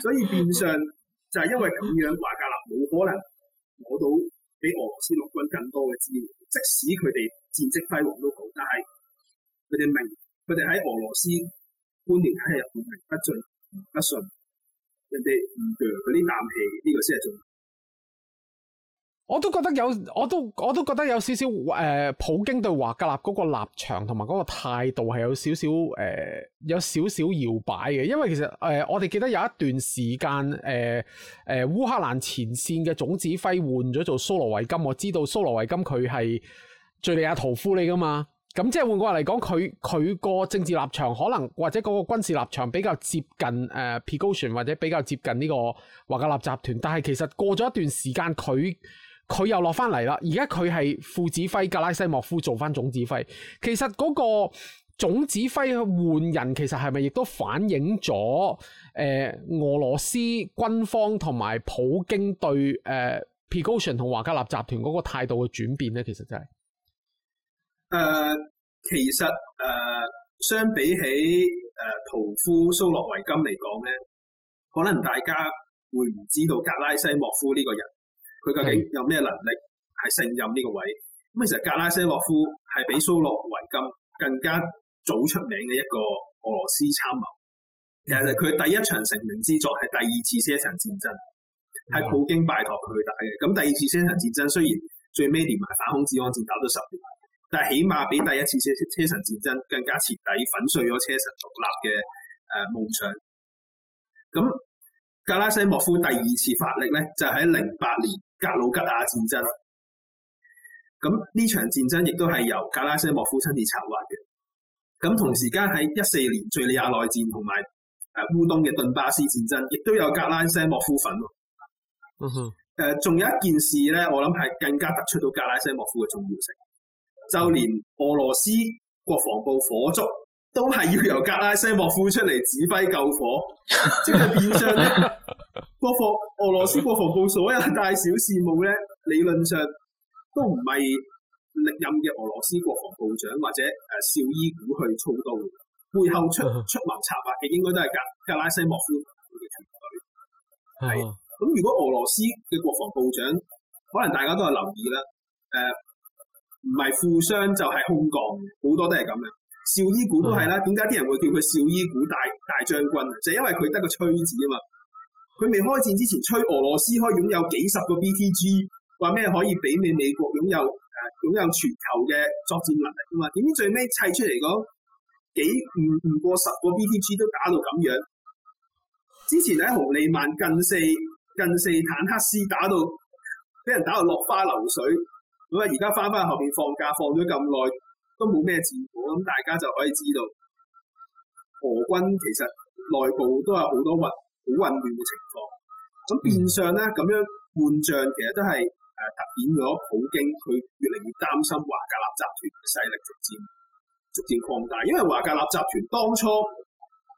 所以變相就係因為咁樣話，㗎啦，冇可能攞到比俄羅斯陸軍更多嘅資料。即使佢哋戰績輝煌都好，但係佢哋明，佢哋喺俄羅斯半年喺入面不進不順。人嗰啲硬氣，呢個先係重要。我都覺得有，我都我都覺得有少少誒、呃，普京對華格納嗰個立場同埋嗰個態度係有少少誒、呃，有少少搖擺嘅。因為其實誒、呃，我哋記得有一段時間誒誒、呃呃，烏克蘭前線嘅總指揮換咗做蘇羅維金，我知道蘇羅維金佢係敘利亞屠夫嚟㗎嘛。咁即係換過嚟講，佢佢個政治立場可能或者嗰個軍事立場比較接近誒、呃、Prigozhin 或者比較接近呢個華格納集團，但係其實過咗一段時間，佢佢又落翻嚟啦。而家佢係副指揮格拉西莫夫做翻總指揮。其實嗰個總指揮換人，其實係咪亦都反映咗誒、呃、俄羅斯軍方同埋普京對誒、呃、Prigozhin 同華格納集團嗰個態度嘅轉變呢？其實就係。誒，uh, 其實誒，uh, 相比起誒，uh, 屠夫蘇洛維金嚟講咧，可能大家會唔知道格拉西莫夫呢個人，佢究竟有咩能力係、嗯、勝任呢個位？咁其實格拉西莫夫係比蘇洛維金更加早出名嘅一個俄羅斯參謀。其實佢第一場成名之作係第二次車臣戰爭，係、嗯、普京拜託佢打嘅。咁第二次車臣戰爭雖然最尾連埋反恐治安戰打咗十年。但係起碼比第一次車車臣戰爭更加徹底粉碎咗車臣獨立嘅誒夢想。咁格拉西莫夫第二次發力咧，就喺零八年格魯吉亞戰爭。咁呢場戰爭亦都係由格拉西莫夫親自策劃嘅。咁同時間喺一四年敘利亞內戰同埋誒烏東嘅頓巴斯戰爭，亦都有格拉西莫夫份。誒、嗯哼，仲有一件事咧，我諗係更加突出到格拉西莫夫嘅重要性。就連俄羅斯國防部火燭都係要由格拉西莫夫出嚟指揮救火，即係 <laughs> 變相咧，國防俄羅斯國防部所有大小事務咧，理論上都唔係歷任嘅俄羅斯國防部長或者誒、呃、紹伊古去操刀，背後出出謀策劃嘅應該都係格格拉西莫夫嘅團隊。係咁，如果俄羅斯嘅國防部長，可能大家都係留意啦，誒、呃。唔係富商就係、是、空降，好多都係咁嘅。紹伊古都係啦，點解啲人會叫佢紹伊古大大將軍？就是、因為佢得個吹字啊嘛。佢未開戰之前，吹俄羅斯可以擁有幾十個 B T G，話咩可以媲美美國擁有誒、啊、擁有全球嘅作戰能力啊嘛。點知最尾砌出嚟嗰幾五唔過十個 B T G 都打到咁樣。之前喺紅利曼近四近四坦克師，打到，俾人打到落花流水。咁啊！而家翻翻後面放假放咗咁耐，都冇咩戰果。咁大家就可以知道俄軍其實內部都有好多混好混亂嘅情況。咁、嗯、變相咧，咁樣換將其實都係誒凸顯咗普京佢越嚟越擔心華格納集團嘅勢力逐漸逐漸擴大，因為華格納集團當初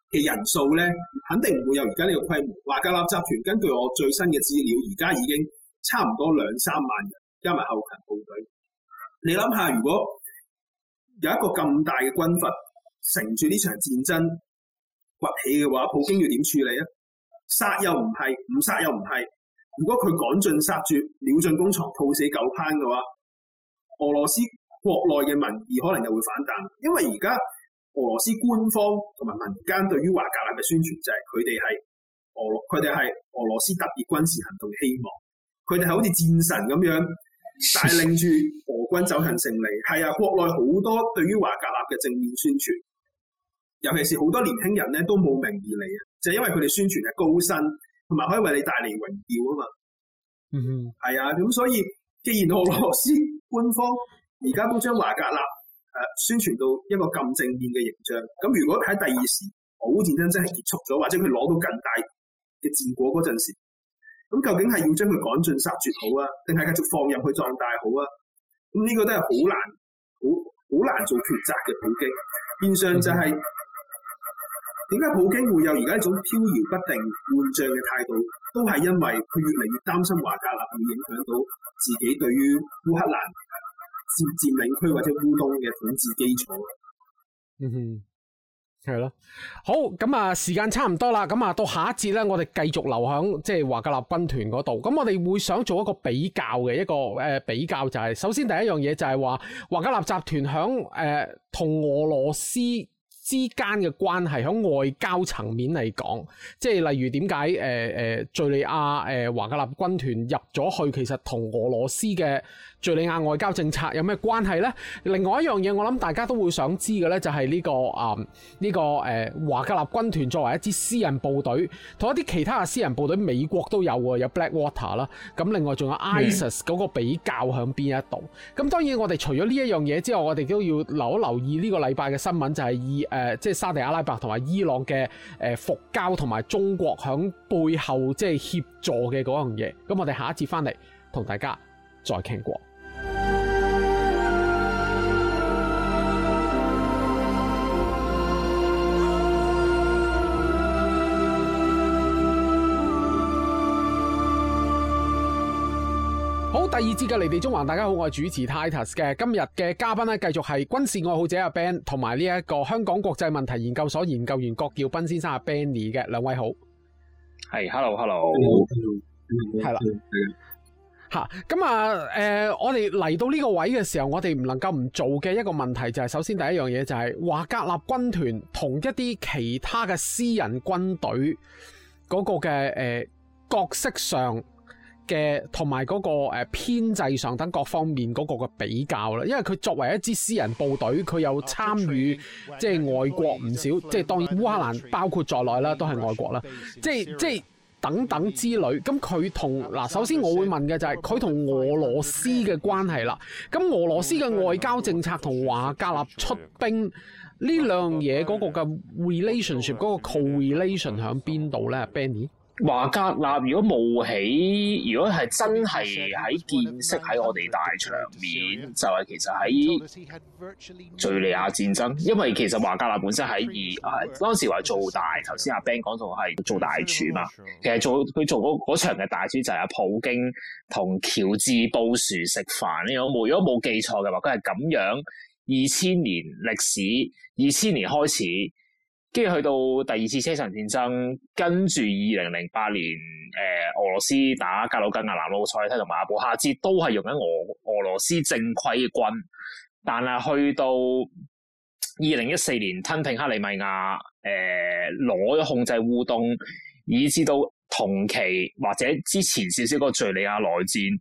嘅人數咧，肯定唔會有而家呢個規模。華格納集團根據我最新嘅資料，而家已經差唔多兩三萬人。加埋後勤部隊，你諗下，如果有一個咁大嘅軍閥乘住呢場戰爭崛起嘅話，普京要點處理咧？殺又唔係，唔殺又唔係。如果佢趕盡殺絕、鳥盡弓藏、兔死狗烹嘅話，俄羅斯國內嘅民意可能又會反彈，因為而家俄羅斯官方同埋民間對於華格蘭嘅宣傳就係佢哋係俄羅，佢哋係俄羅斯特別軍事行動嘅希望，佢哋係好似戰神咁樣。帶領住俄軍走向勝利，係啊！國內好多對於華格納嘅正面宣傳，尤其是好多年輕人咧都慕名而嚟啊，就係因為佢哋宣傳係高薪，同埋可以為你帶嚟榮耀啊嘛。嗯哼，係啊，咁所以既然俄羅斯官方而家都將華格納誒宣傳到一個咁正面嘅形象，咁如果喺第二時俄烏戰爭真係結束咗，或者佢攞到更大嘅戰果嗰陣時，咁究竟係要將佢趕盡殺絕好啊，定係繼續放入去壯大好啊？咁呢個都係好難，好好難做抉擇嘅普京。變相就係點解普京會有而家一種飄搖不定、換將嘅態度，都係因為佢越嚟越擔心華格納會影響到自己對於烏克蘭佔佔領區或者烏東嘅統治基礎。嗯哼。係咯，好咁啊，嗯，時間差唔多啦，咁、嗯、啊，到下一節呢，我哋繼續留響即係華格納軍團嗰度。咁、嗯、我哋會想做一個比較嘅一個誒、呃、比較、就是，就係首先第一樣嘢就係話華格納集團響誒同俄羅斯之間嘅關係，響外交層面嚟講，即係例如點解誒誒敘利亞誒華格納軍團入咗去，其實同俄羅斯嘅。敍利亞外交政策有咩關係呢？另外一樣嘢，我諗大家都會想知嘅呢、這個，就係呢個誒呢個誒華格納軍團作為一支私人部隊，同一啲其他嘅私人部隊，美國都有嘅，有 Blackwater 啦。咁另外仲有 ISIS 嗰 IS 個比較響邊一度。咁的當然我哋除咗呢一樣嘢之外，我哋都要留一留意呢個禮拜嘅新聞，就係伊誒即係沙地阿拉伯同埋伊朗嘅誒復交同埋中國響背後即係協助嘅嗰樣嘢。咁我哋下一節翻嚟同大家再傾過。第二節嘅離地中環，大家好，我係主持 Titus 嘅。今日嘅嘉賓咧，繼續係軍事愛好者阿 Ben，同埋呢一個香港國際問題研究所研究員郭耀斌先生阿 Benny 嘅，兩位好。係，Hello，Hello，係 <laughs> <laughs> 啦，吓，咁啊，誒、啊呃，我哋嚟到呢個位嘅時候，我哋唔能夠唔做嘅一個問題就係，首先第一樣嘢就係話華格納軍團同一啲其他嘅私人軍隊嗰個嘅誒、呃、角色上。嘅同埋嗰個誒編制上等各方面嗰個嘅比較啦，因為佢作為一支私人部隊，佢有參與即係、就是、外國唔少， <music> 即係當然烏克蘭包括在內啦，都係外國啦， <music> 即係即係等等之類。咁佢同嗱，首先我會問嘅就係佢同俄羅斯嘅關係啦。咁俄羅斯嘅外交政策同華格納出兵呢兩樣嘢嗰個嘅 relationship，嗰個 correlation 響邊度咧，Benny？華格納如果冒起，如果係真係喺見識喺我哋大場面，就係、是、其實喺敘利亞戰爭因為其實華格納本身喺二，當時話做大，頭先阿 Ben 講到係做大廚嘛，其實做佢做嗰嗰場嘅大廚就係阿普京同喬治布殊食飯呢樣，如果冇記錯嘅話，佢係咁樣二千年歷史，二千年開始。跟住去到第二次車臣戰爭，跟住二零零八年，誒俄羅斯打格魯吉亞、南奧塞梯同埋阿布哈茲，下節都係用緊俄俄羅斯正規軍。但係去到二零一四年吞併克里米亞，誒攞咗控制烏東，以至到同期或者之前少少個敍利亞內戰，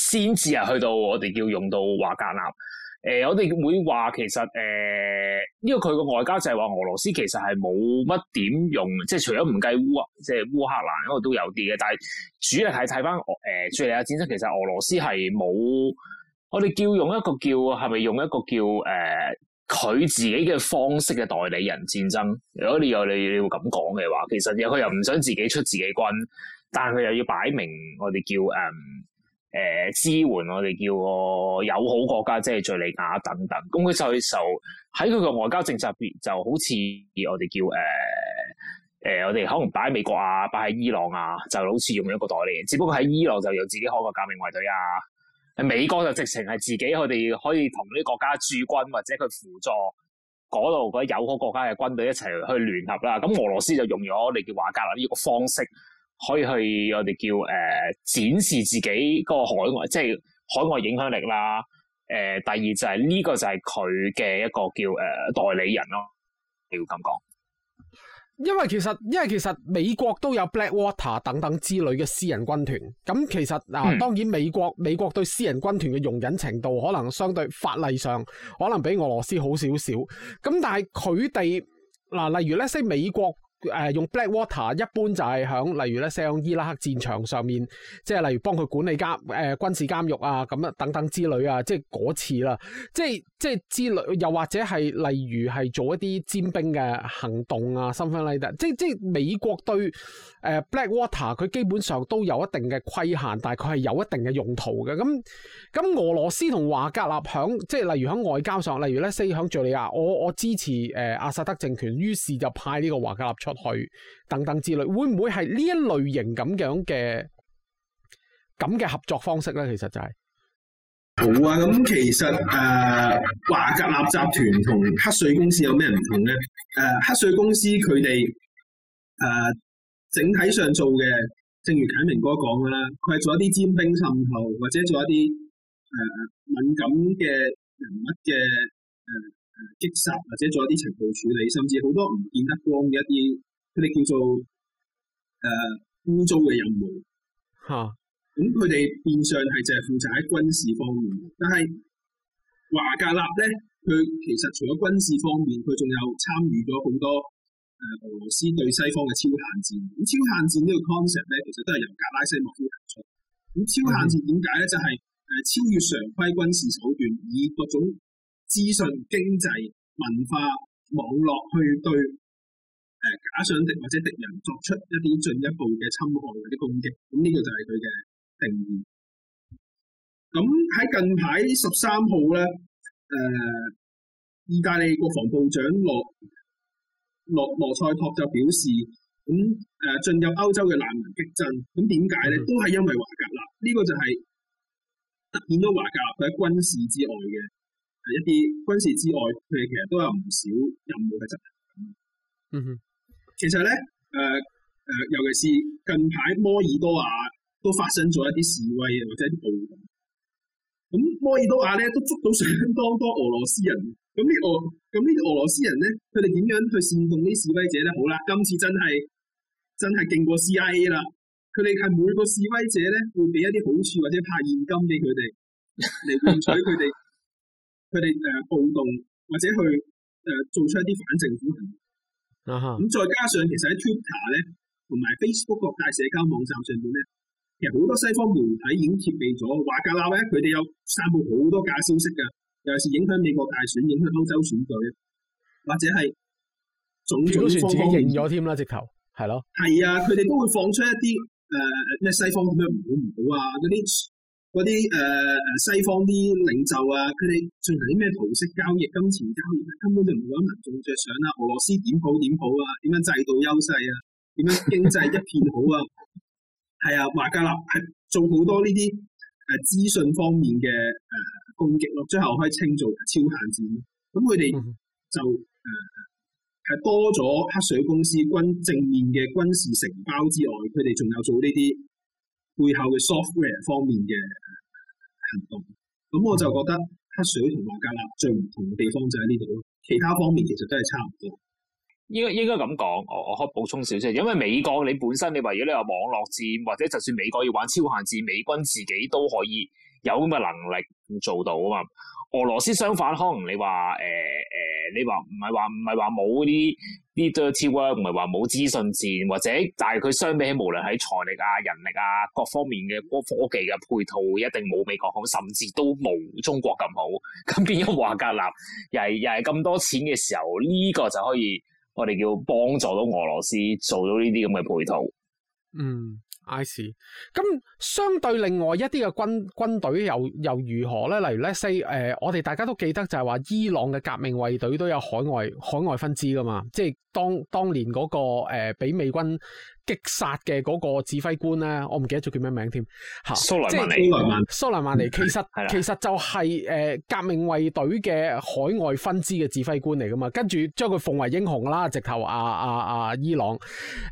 先至係去到我哋要用到華格納。誒、呃，我哋會話其實誒，呢個佢個外交就係話俄羅斯其實係冇乜點用，即係除咗唔計烏，即係烏克蘭嗰度都有啲嘅，但係主要係睇翻誒敘利亞戰爭，其實俄羅斯係冇，我哋叫用一個叫係咪用一個叫誒佢自己嘅方式嘅代理人戰爭。如果你有你你會咁講嘅話，其實又佢又唔想自己出自己軍，但係佢又要擺明我哋叫誒。呃誒、呃，支援我哋叫個友好國家，即係敘利亞等等。咁佢就係受喺佢個外交政策，就好似我哋叫誒誒、呃呃，我哋可能擺喺美國啊，擺喺伊朗啊，就好似用一個代理。只不過喺伊朗就用自己開個革命衛隊啊，喺美國就直情係自己，佢哋可以同啲國家駐軍或者佢輔助嗰度嗰啲友好國家嘅軍隊一齊去聯合啦。咁俄羅斯就用咗我哋叫華格納呢個方式。可以去我哋叫誒、呃、展示自己嗰個海外，即係海外影響力啦。誒、呃，第二就係、是、呢、呢個就係佢嘅一個叫誒、呃、代理人咯，你要咁講。因為其實因為其實美國都有 Blackwater 等等之類嘅私人軍團。咁其實嗱，呃嗯、當然美國美國對私人軍團嘅容忍程度可能相對法例上可能比俄羅斯好少少。咁但係佢哋嗱，例如咧，先美國。誒、呃、用 black water 一般就係響例如咧，say 喺伊拉克戰場上面，即係例如幫佢管理監誒、呃、軍事監獄啊，咁啊等等之類啊，即係次啦，即係即係之類又或者係例如係做一啲尖兵嘅行動啊，新分拉得，即係即係美國對誒、呃、black water 佢基本上都有一定嘅規限，但係佢係有一定嘅用途嘅。咁咁俄羅斯同華格納響，即係例如響外交上，例如咧 say 響敘利亞，我我支持誒阿薩德政權，於是就派呢個華格納出。去等等之類，會唔會係呢一類型咁樣嘅咁嘅合作方式咧？其實就係、是、好啊！咁其實誒、呃、華格納集團同黑水公司有咩唔同咧？誒、呃、黑水公司佢哋誒整體上做嘅，正如啟明哥講嘅啦，佢係做一啲尖兵滲透，或者做一啲誒、呃、敏感嘅人物嘅誒。呃擊殺、啊、或者做一啲情報處理，甚至好多唔見得光嘅一啲，佢哋叫做誒污糟嘅任務吓。咁佢哋變相係淨係負責喺軍事方面，但係華格納咧，佢其實除咗軍事方面，佢仲有參與咗好多誒、啊、俄羅斯對西方嘅超限戰。咁超限戰個呢個 concept 咧，其實都係由格拉西莫夫提出。咁超限戰點解咧？嗯、就係誒超越常規軍事手段，以各種。資訊、經濟、文化、網絡，去對誒、呃、假想敵或者敵人作出一啲進一步嘅侵害、一啲攻擊，咁、嗯、呢、這個就係佢嘅定義。咁、嗯、喺近排十三號咧，誒、呃，意大利國防部長羅羅羅塞托就表示，咁、嗯、誒、呃、進入歐洲嘅難民激增，咁點解咧？呢嗯、都係因為華格納，呢、這個就係突顯咗華格納佢喺軍事之外嘅。一啲軍事之外，佢哋其實都有唔少任務嘅責任。嗯哼，其實咧，誒、呃、誒、呃，尤其是近排摩爾多亞都發生咗一啲示威啊，或者啲暴動。咁摩爾多亞咧都捉到相當多，多俄羅斯人。咁呢、這個、俄咁呢個俄羅斯人咧，佢哋點樣去煽動啲示威者咧？好啦，今次真係真係勁過 CIA 啦！佢哋係每個示威者咧，會俾一啲好處或者派現金俾佢哋嚟換取佢哋。佢哋誒暴動或者去誒、呃、做出一啲反政府行為，咁、uh huh. 再加上其實喺 Twitter 咧同埋 Facebook 各大社交網站上面咧，其實好多西方媒體已經揭秘咗華格納咧，佢哋有散布好多假消息嘅，尤其是影響美國大選、影響歐洲選舉，或者係種種方方。都算自己認咗添啦，直頭係咯。係啊，佢哋都會放出一啲誒咩西方咁樣唔好唔好啊啲。嗰啲誒誒西方啲領袖啊，佢哋進行啲咩圖式交易、金錢交易，根本就唔會揾民眾着想啊。俄羅斯點好點好啊？點樣制度優勢啊？點樣經濟一片好啊？係 <laughs> 啊，華格納係做好多呢啲誒資訊方面嘅誒、呃、攻擊咯，最後可以稱做超限戰。咁佢哋就誒係、呃、多咗黑水公司軍正面嘅軍事承包之外，佢哋仲有做呢啲。背後嘅 software 方面嘅行動，咁我就覺得黑水同華格納最唔同嘅地方就喺呢度咯，其他方面其實都係差唔多。應該應該咁講，我我可補充少少，因為美國你本身你，如果你話網絡戰，或者就算美國要玩超限戰，美軍自己都可以。有咁嘅能力做到啊嘛！俄羅斯相反，可能你話誒誒，你話唔係話唔係話冇啲啲 dirty work，唔係話冇資訊戰或者，但係佢相比起無論喺財力啊、人力啊各方面嘅個科技嘅配套，一定冇美國好，甚至都冇中國咁好。咁變咗華格納又係又係咁多錢嘅時候，呢個就可以我哋叫幫助到俄羅斯做到呢啲咁嘅配套。嗯。I C，咁相對另外一啲嘅軍軍隊又又如何呢？例如呢，西、呃、誒，我哋大家都記得就係話伊朗嘅革命衛隊都有海外海外分支噶嘛，即係當當年嗰、嗰個誒俾、呃、美軍，擊殺嘅嗰個指揮官咧，我唔記得咗叫咩名添吓。蘇萊曼尼，蘇萊曼尼其實 <laughs> 的其實就係誒革命衛隊嘅海外分支嘅指揮官嚟噶嘛，跟住將佢奉為英雄啦，直頭阿阿阿伊朗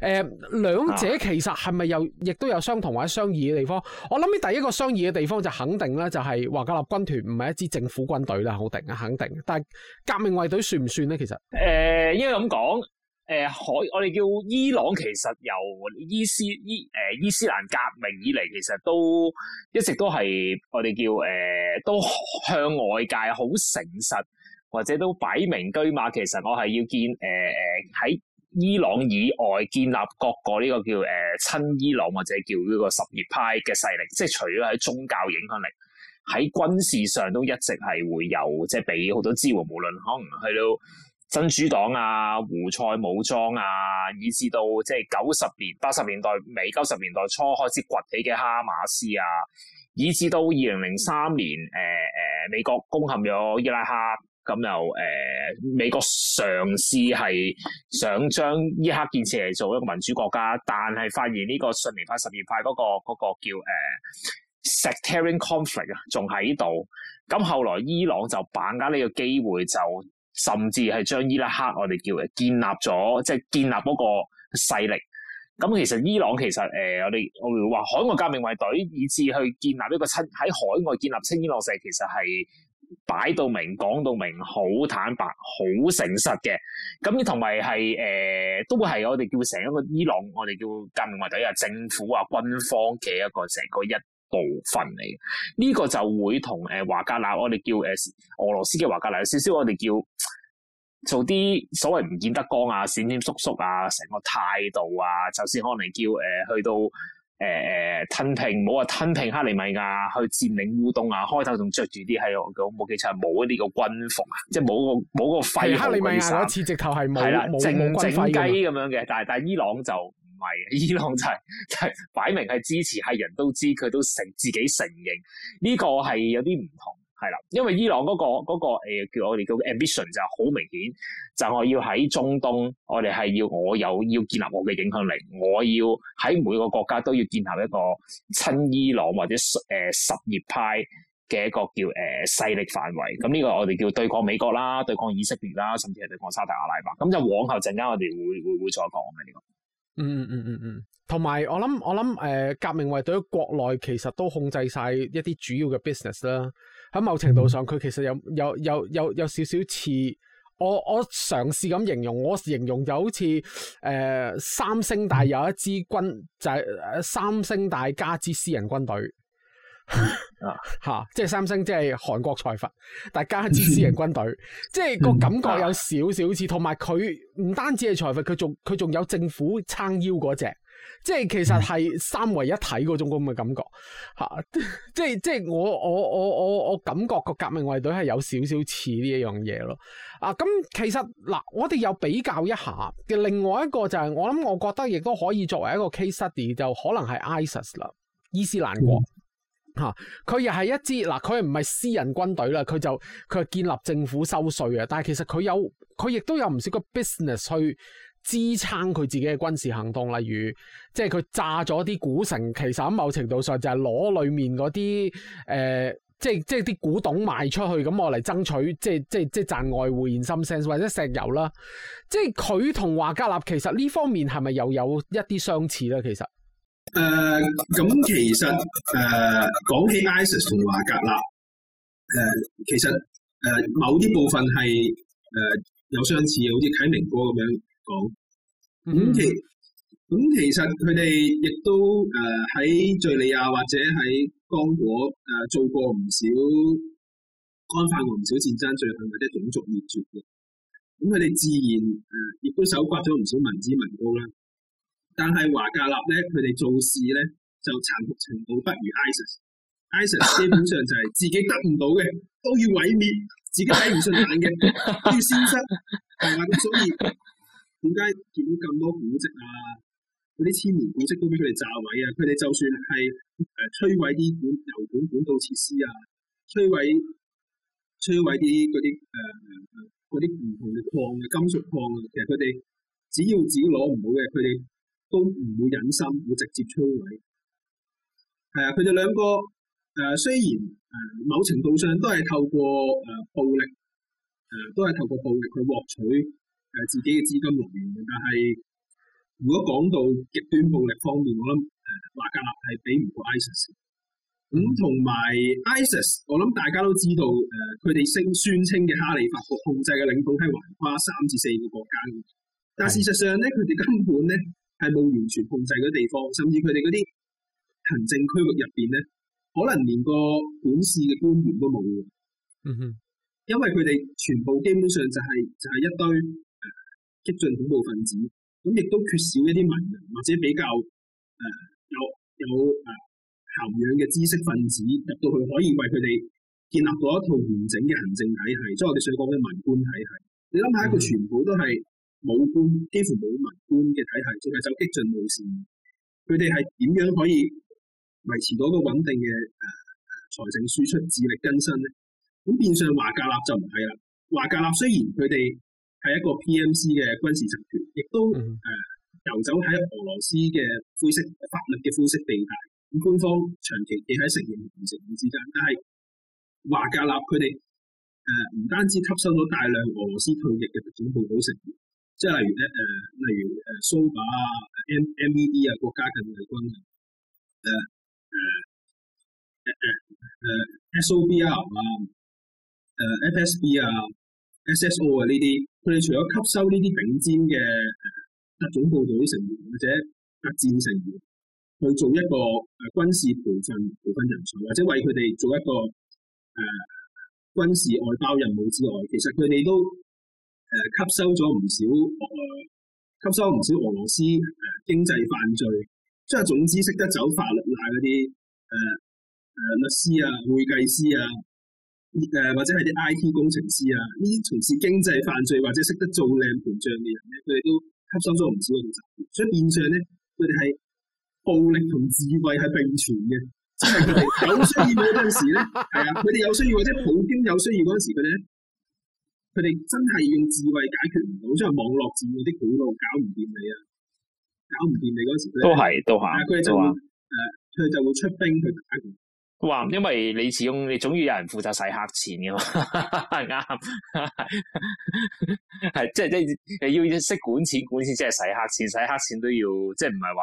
誒兩者其實係咪又亦都有相同或者相異嘅地方？我諗啲第一個相異嘅地方就肯定咧，就係華格納軍團唔係一支政府軍隊啦，肯定肯定。但係革命衛隊算唔算咧？其實誒應該咁講。誒海、呃，我哋叫伊朗。其實由伊斯伊誒伊斯蘭革命以嚟，其實都一直都係我哋叫誒、呃，都向外界好誠實，或者都擺明，明居馬。其實我係要建誒誒喺伊朗以外建立各個呢個叫誒、呃、親伊朗或者叫呢個什葉派嘅勢力。即係除咗喺宗教影響力，喺軍事上都一直係會有，即係俾好多支援。無論可能去到。真主黨啊，胡塞武裝啊，以至到即係九十年八十年代尾九十年代初開始崛起嘅哈馬斯啊，以至到二零零三年，誒、呃、誒，美國攻陷咗伊拉克，咁又誒、呃，美國嘗試係想將伊拉克建設嚟做一個民主國家，但係發現呢個遜尼派、什葉派嗰、嗰個、嗰個叫誒 sectarian conflict 啊，仲喺度，咁後來伊朗就把握呢個機會就。甚至係將伊拉克我哋叫嘅建立咗，即、就、係、是、建立嗰個勢力。咁其實伊朗其實誒、呃，我哋我話海外革命衛隊以至去建立一個親喺海外建立親伊朗勢，其實係擺到明講到明，好坦白好誠實嘅。咁呢同埋係誒，都係我哋叫成一個伊朗，我哋叫革命衛隊啊，政府啊，軍方嘅一個成個一部分嚟嘅，呢、這個就會同誒華格納，我哋叫誒俄羅斯嘅華格納有少少，我哋叫做啲所謂唔見得光啊、閃閃縮縮啊，成個態度啊，就算可能叫誒去到誒誒吞併，唔好話吞併克里米亞去佔領烏東啊，開頭仲着住啲係我冇記錯冇呢個軍服啊，即係冇個冇是個揮。克里米亞一次直頭係冇冇軍服雞咁樣嘅，但係但係伊朗就。咪伊朗就係、是、就係、是、擺明係支持，係人都知佢都承自己承認呢、這個係有啲唔同係啦，因為伊朗嗰、那個嗰、那個呃、叫我哋叫 ambition 就好明顯，就是、我要喺中東，我哋係要我有要建立我嘅影響力，我要喺每個國家都要建立一個親伊朗或者誒、呃、十業派嘅一個叫誒勢、呃、力範圍。咁呢個我哋叫對抗美國啦，對抗以色列啦，甚至係對抗沙特阿拉伯。咁就往後陣間我哋會會會,會再講嘅呢個。這個嗯嗯嗯嗯嗯，同、嗯、埋、嗯嗯、我諗我諗，誒革命衛隊國內其實都控制晒一啲主要嘅 business 啦。喺某程度上，佢、嗯、其實有有有有有少少似我我嘗試咁形容，我形容就好似誒、呃、三星，大有一支軍就係、是、三星，大加支私人軍隊。啊，吓， <laughs> 即係三星，即係韓國財閥，大家加一支私人軍隊，即係個感覺有少少似，同埋佢唔單止係財閥，佢仲佢仲有政府撐腰嗰隻，即係其實係三為一體嗰種咁嘅感覺，吓， <laughs> <laughs> 即係即係我我我我我感覺個革命衛隊係有少少似呢一樣嘢咯，啊，咁其實嗱，我哋又比較一下嘅另外一個就係、是、我諗我覺得亦都可以作為一個 case study 就可能係 ISIS 啦，伊斯蘭國。嚇，佢又係一支嗱，佢唔係私人軍隊啦，佢就佢係建立政府收稅啊。但係其實佢有佢亦都有唔少個 business 去支撐佢自己嘅軍事行動，例如即係佢炸咗啲古城，其實喺某程度上就係攞裡面嗰啲誒，即係即係啲古董賣出去，咁我嚟爭取即係即係即係賺外匯現金聲或者石油啦。即係佢同華格納其實呢方面係咪又有一啲相似呢？其實？誒，咁、uh, 其實誒，講、uh, 起 ISIS 同華格納，誒、uh, uh, uh, 嗯，其實誒，某啲部分係誒有相似，好似啟明哥咁樣講。咁其咁其實佢哋亦都誒喺敘利亞或者喺剛果誒做過唔少干犯和唔少戰爭罪行或者種族滅絕嘅。咁佢哋自然誒亦、uh, 都搜刮咗唔少民脂民膏啦。但係華格納咧，佢哋做事咧就殘酷程度不如 ISIS IS。ISIS 基本上就係自己得唔到嘅 <laughs> 都要毀滅，自己睇唔順眼嘅都要消失。係咪？所以點解見到咁多古蹟啊？嗰啲千年古蹟都俾佢哋炸毀啊！佢哋就算係誒摧毀啲管油管管道設施啊，摧毀摧毀啲嗰啲誒啲唔同嘅礦嘅金屬礦啊，其實佢哋只要自己攞唔到嘅，佢哋。都唔會忍心，會直接摧毀。係啊，佢哋兩個誒、呃，雖然誒、呃、某程度上都係透過誒暴力，誒、呃呃、都係透過暴力去獲取誒、呃、自己嘅資金來源嘅。但係如果講到極端暴力方面，我諗誒，華、呃、格納係比唔過 ISIS IS，嗯。咁同埋 ISIS，我諗大家都知道誒，佢哋聲宣稱嘅哈里發國控制嘅領土係橫跨三至四個國家，但事實上咧，佢哋的根本咧。係冇完全控制嘅地方，甚至佢哋嗰啲行政區域入邊咧，可能連個管事嘅官員都冇嘅。嗯哼，因為佢哋全部基本上就係、是、就係、是、一堆激進恐怖分子，咁亦都缺少一啲文人或者比較誒、呃、有有誒涵養嘅知識分子入到去，可以為佢哋建立到一套完整嘅行政體系，即係我哋所講嘅文官體系。你諗下，一個全部都係。嗯武官幾乎冇文官嘅體系，仲係走激進路線。佢哋係點樣可以維持到個穩定嘅誒財政輸出、自力更生咧？咁變相華格納就唔係啦。華格納雖然佢哋係一個 PMC 嘅軍事集團，亦都誒、嗯呃、游走喺俄羅斯嘅灰色法律嘅灰色地帶，咁官方長期企喺成員同成員之間，但係華格納佢哋誒唔單止吸收咗大量俄羅斯退役嘅特種部隊成員。即係例如咧誒，例如誒蘇巴啊、MVD 啊、國家近衛軍啊、誒誒誒誒 SOBR 啊、誒 FSB 啊、SSO 啊呢啲，佢哋除咗吸收呢啲頂尖嘅特種部隊成員或者特戰成員去做一個、uh, 軍事培訓培訓人才，或者為佢哋做一個誒、uh, 軍事外包任務之外，其實佢哋都誒、呃，吸收咗唔少、呃，吸收唔少俄羅斯誒、呃、經濟犯罪，即係總之識得走法律罅嗰啲，誒、呃，誒律師啊，會計師啊，誒、呃、或者係啲 I T 工程師啊，呢啲從事經濟犯罪或者識得做靚盤賬嘅人咧，佢哋都吸收咗唔少嘅詐騙。所以變相咧，佢哋係暴力同智慧係並存嘅，即係佢哋有需要嗰陣時咧，係 <laughs> 啊，佢哋有需要或者普京有需要嗰陣時佢哋。佢哋真係用智慧解決唔到，即係網絡智慧啲套路搞唔掂你啊，搞唔掂你嗰時都係都係，佢哋就會誒，佢但是、uh, 就會出兵去打。話，因為你始終你總要有人負責洗黑錢嘅嘛，啱 <laughs> 係對，係即係即係要要識管錢管錢，即係洗黑錢，洗黑錢都要即係唔係話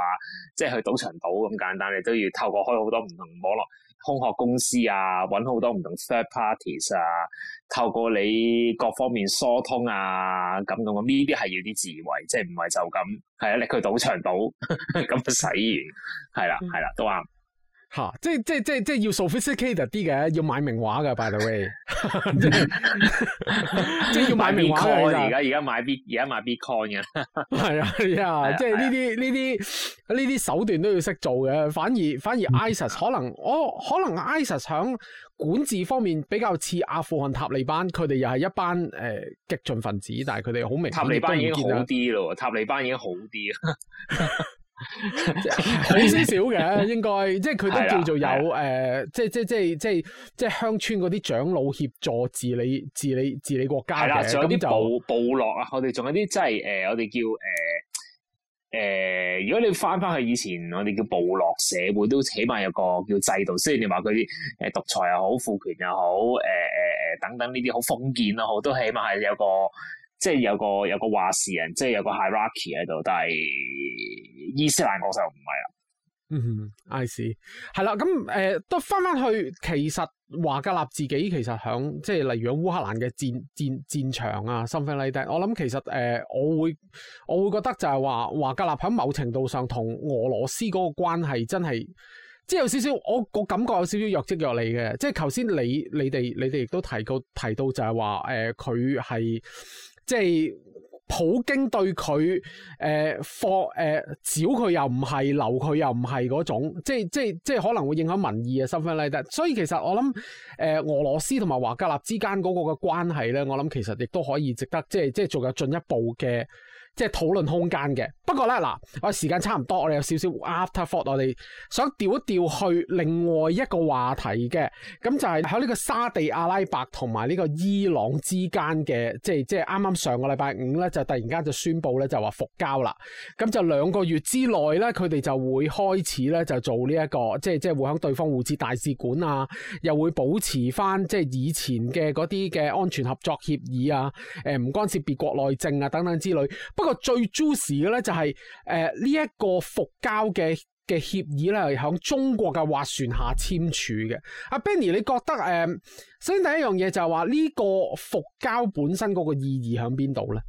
即係去賭場賭咁簡單，你都要透過開好多唔同網絡，空殼公司啊，揾好多唔同 third parties 啊，透過你各方面疏通啊，咁咁咁，呢啲係要啲智慧，即係唔係就咁，係啊，你去賭場賭咁使 <laughs> 完，係啦、啊，係啦、啊，都啱。吓，即係即係即係即係要 sophisticated 啲嘅，要買名畫㗎。By the way，即係 <laughs> 要買名畫。而家而家買 b 而家買 Bitcoin 嘅。係啊，係啊， <laughs> <laughs> <laughs> 即係呢啲呢啲呢啲手段都要識做嘅。反而反而 ISIS IS、嗯、可能我可能 ISIS 響 IS 管治方面比較似阿富汗塔利班，佢哋又係一班誒激進分子，但係佢哋好明。塔利班已經好啲咯，塔利班已經好啲。好少少嘅， <laughs> <laughs> 應該即係佢都叫做有誒，即係了、呃、即係即係即係即係鄉村嗰啲長老協助治理治理治理國家嘅。係啦了，仲就有啲部部落啊，我哋仲有啲即係誒，我哋叫誒誒、呃呃，如果你翻翻去以前，我哋叫部落社會，都起碼有個叫制度。雖然你話佢誒獨裁又好，父權又好，誒誒誒等等呢啲好封建好，都起碼係有個即係有個有個話事人，即係有個 hierarchy 喺度，但係。伊斯蘭我就唔係啊，Eastern. 嗯，I see 係啦，咁誒都翻翻去，其實華格納自己其實響，即係例如講烏克蘭嘅戰戰戰場啊 something like that，我諗其實誒、呃，我會我會覺得就係話華格納喺某程度上同俄羅斯嗰個關係真係，即係有少少，我個感覺有少少若即若離嘅。即係頭先你你哋你哋亦都提過提到就係話誒，佢、呃、係即係。普京對佢誒放誒剿佢又唔係，留佢又唔係嗰種，即係即係即係可能會影響民意嘅身份，咧。但所以其實我諗誒、呃、俄羅斯同埋華格納之間嗰個嘅關係咧，我諗其實亦都可以值得即係即係做有進一步嘅。即係討論空間嘅，不過咧嗱，我、啊、時間差唔多，我哋有少少 after thought 我哋想調一調去另外一個話題嘅，咁就係喺呢個沙地阿拉伯同埋呢個伊朗之間嘅，即係即係啱啱上個禮拜五咧，就突然間就宣布咧就話復交啦，咁就兩個月之內咧，佢哋就會開始咧就做呢、這、一個，即係即係會喺對方互設大使館啊，又會保持翻即係以前嘅嗰啲嘅安全合作協議啊，誒、呃、唔干涉別國內政啊等等之類。最就是呃這個最 juicy 嘅咧就係誒呢一個復交嘅嘅協議咧係響中國嘅斡旋下簽署嘅。阿、啊、Benny 你覺得誒、呃，首先第一樣嘢就係話呢個復交本身嗰個意義喺邊度咧？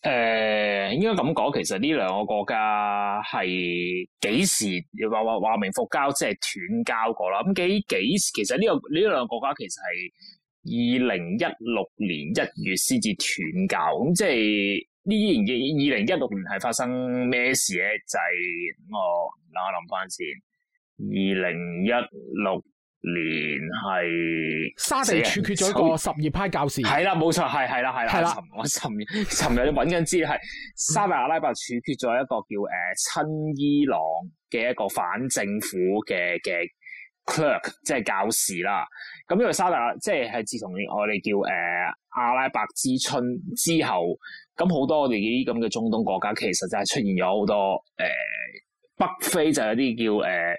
誒、呃，應該咁講，其實呢兩個國家係幾時話話話明復交即係斷交過啦。咁幾幾時其實呢個呢兩個國家其實係。二零一六年一月先至斷交，咁即係呢？二零一六年係發生咩事咧？就係我諗翻先，二零一六年係沙地處決咗一個什葉派教士，係啦，冇錯，係係啦係啦。我尋尋日搵緊資料，係沙地阿拉伯處決咗一個叫誒親、呃、伊朗嘅一個反政府嘅嘅。Clerk 即係教士啦，咁因為沙特即係自從我哋叫誒、呃、阿拉伯之春之後，咁好多我哋呢啲咁嘅中東國家其實就係出現咗好多誒、呃、北非就有啲叫誒、呃、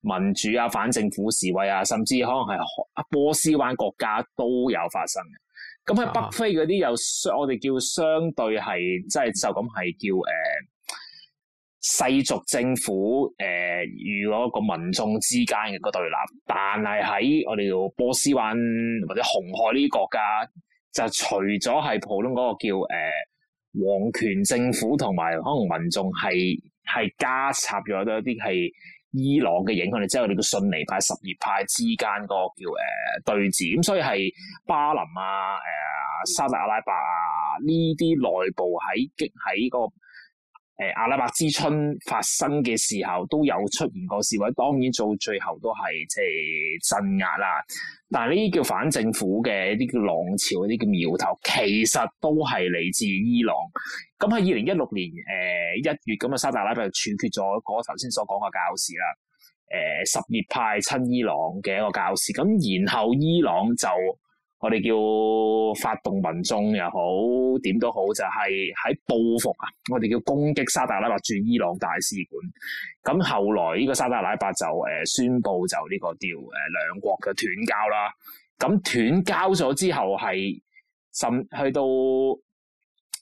民主啊、反政府示威啊，甚至可能係波斯灣國家都有發生嘅。咁喺北非嗰啲又我哋叫相對係即係就咁、是、係叫誒。呃世俗政府誒，與、呃、嗰個民眾之間嘅個對立，但係喺我哋叫波斯灣或者紅海呢啲國家，就除咗係普通嗰個叫誒皇、呃、權政府同埋可能民眾係係加插咗一啲係伊朗嘅影響，即係我哋叫遜尼派、什葉派之間個叫誒、呃、對峙，咁所以係巴林啊、誒、呃、沙特阿拉伯啊呢啲內部喺激喺嗰個。誒阿拉伯之春發生嘅時候都有出現過示威，當然到最後都係即係鎮壓啦。但係呢啲叫反政府嘅一啲叫浪潮，啲叫苗頭，其實都係嚟自伊朗。咁喺二零一六年誒一、呃、月咁啊，沙特阿拉伯就處決咗嗰頭先所講嘅教士啦。誒、呃、什葉派親伊朗嘅一個教士，咁然後伊朗就。我哋叫發動民眾又好，點都好，就係喺報復啊！我哋叫攻擊沙特阿拉伯駐伊朗大使館。咁後來呢個沙特阿拉伯就誒宣布就呢個叫誒兩國嘅斷交啦。咁斷交咗之後係甚去到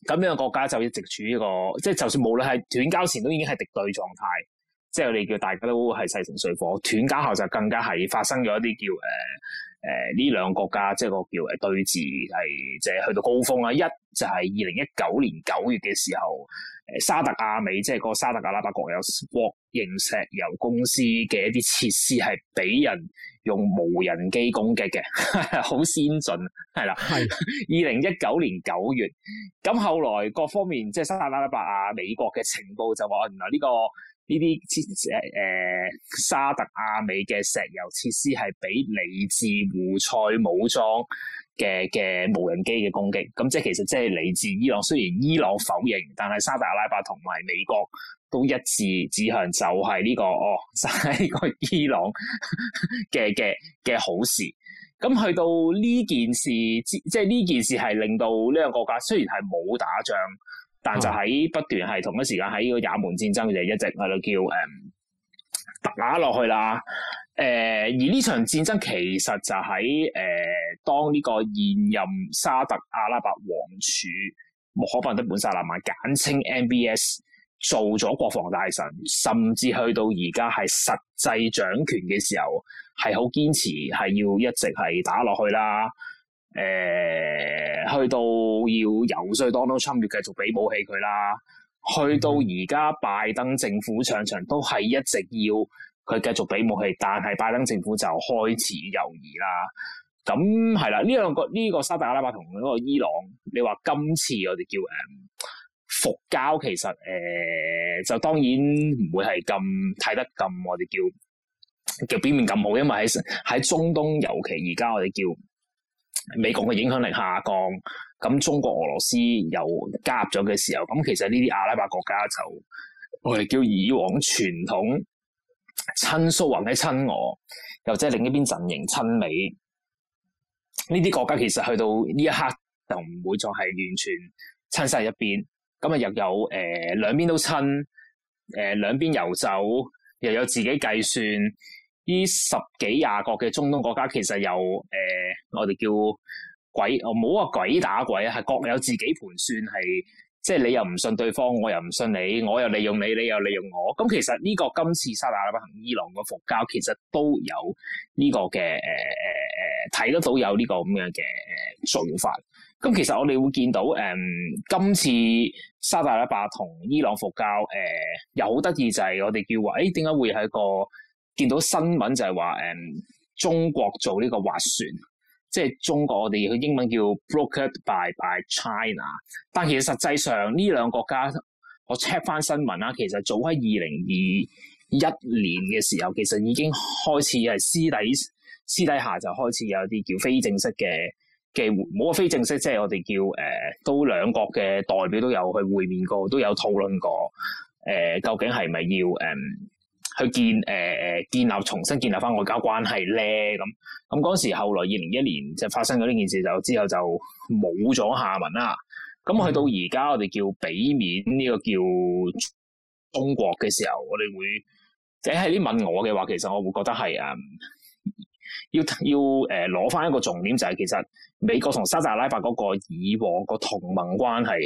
咁樣嘅國家就一直處於個，即係就算無論係斷交前都已經係敵對狀態，即係我哋叫大家都係勢成水火。斷交後就更加係發生咗一啲叫誒。誒，呢兩個國家即係個叫誒對峙係即係去到高峰啦，一就係二零一九年九月嘅時候，誒沙特阿美即係個沙特阿拉伯國有國營石油公司嘅一啲設施係俾人用無人機攻擊嘅，好 <laughs> 先進係啦，係二零一九年九月，咁後來各方面即係沙特阿拉伯啊、美國嘅情報就話原來呢個。呢啲設誒沙特阿美嘅石油設施係俾嚟自胡塞武裝嘅嘅無人機嘅攻擊，咁即係其實即係嚟自伊朗。雖然伊朗否認，但係沙特阿拉伯同埋美國都一致指向就係呢個哦，就係呢個伊朗嘅嘅嘅好事。咁去到呢件事，即係呢件事係令到呢個國家雖然係冇打仗。但就喺不斷係同一時間喺呢個也門戰爭就是、一直喺度叫誒打落去啦，誒、呃、而呢場戰爭其實就喺誒、呃、當呢個現任沙特阿拉伯王儲穆罕默德本薩拉曼簡稱 MBS 做咗國防大臣，甚至去到而家係實際掌權嘅時候，係好堅持係要一直係打落去啦。誒、呃、去到要遊說都參與繼續俾武器佢啦，去到而家、嗯、拜登政府場場都係一直要佢繼續俾武器，但係拜登政府就開始猶豫啦。咁係啦，呢兩、這個呢、這個沙特阿拉伯同呢個、這個、伊朗，你話今次我哋叫誒復、嗯、交，其實誒、呃、就當然唔會係咁睇得咁我哋叫叫表面咁好，因為喺喺中東尤其而家我哋叫。美國嘅影響力下降，咁中國俄羅斯又加入咗嘅時候，咁其實呢啲阿拉伯國家就我哋叫以往傳統親蘇或者親俄，又即係另一邊陣營親美。呢啲國家其實去到呢一刻就唔會再係完全親晒一邊，咁啊又有誒兩邊都親，誒兩邊游走，又有自己計算。呢十幾廿個嘅中東國家其實有誒、呃，我哋叫鬼，唔好話鬼打鬼啊，係各有自己盤算，係即係你又唔信對方，我又唔信你，我又利用你，你又利用我。咁、嗯、其實呢、這個今次沙特阿拉伯同伊朗嘅復交其實都有呢個嘅誒誒誒睇得到有呢個咁樣嘅做法。咁、嗯、其實我哋會見到誒、嗯，今次沙特阿拉伯同伊朗復交誒、呃，又好得意就係、是、我哋叫話，誒點解會係個？見到新聞就係話誒中國做呢個斡旋，即係中國我哋佢英文叫 brokered by by China。但其實實際上呢兩個國家，我 check 翻新聞啦，其實早喺二零二一年嘅時候，其實已經開始係私底私底下就開始有啲叫非正式嘅嘅冇話非正式，即係我哋叫誒、呃、都兩國嘅代表都有去會面過，都有討論過誒、呃，究竟係咪要誒？嗯去建誒誒、呃、建立重新建立翻外交關係咧，咁咁嗰時，後來二零一年就係發生咗呢件事，就之後就冇咗下文啦。咁去到而家，我哋叫俾面呢、呢個叫中國嘅時候，我哋會即係啲問我嘅話，其實我會覺得係啊、嗯，要要誒攞翻一個重點，就係、係、其實美國同沙特阿拉伯嗰個以往個同盟關係，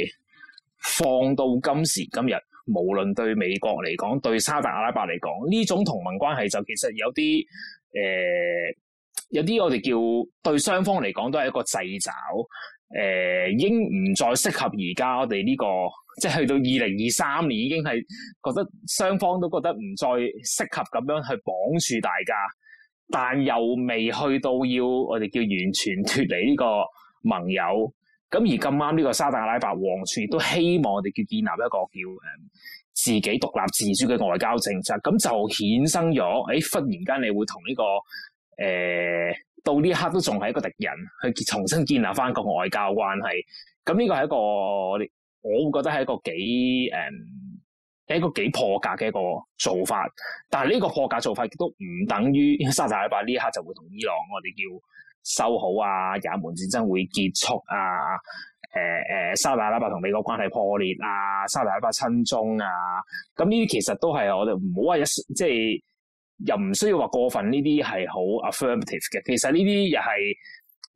放到今時今日。無論對美國嚟講，對沙特阿拉伯嚟講，呢種同盟關係就其實有啲誒、呃，有啲我哋叫對雙方嚟講都係一個掣肘，誒、呃，已經唔再適合而家我哋呢、這個，即係去到二零二三年已經係覺得雙方都覺得唔再適合咁樣去綁住大家，但又未去到要我哋叫完全脫離呢個盟友。咁而咁啱呢個沙特阿拉伯王儲亦都希望我哋叫建立一個叫誒自己獨立自主嘅外交政策，咁就衍生咗，誒、哎、忽然間你會同呢、這個誒、呃、到呢一刻都仲係一個敵人，去重新建立翻個外交關係。咁、嗯、呢、這個係一個我會覺得係一個幾誒、嗯、一個幾破格嘅一個做法，但係呢個破格做法亦都唔等於沙特阿拉伯呢一刻就會同伊朗我、啊、哋叫，修好啊，也門戰爭會結束啊，誒、呃、誒，沙地阿拉伯同美國關係破裂啊，沙地阿拉伯親中啊，咁呢啲其實都係我哋唔好話一即係又唔需要話過分呢啲係好 affirmative 嘅，其實呢啲又係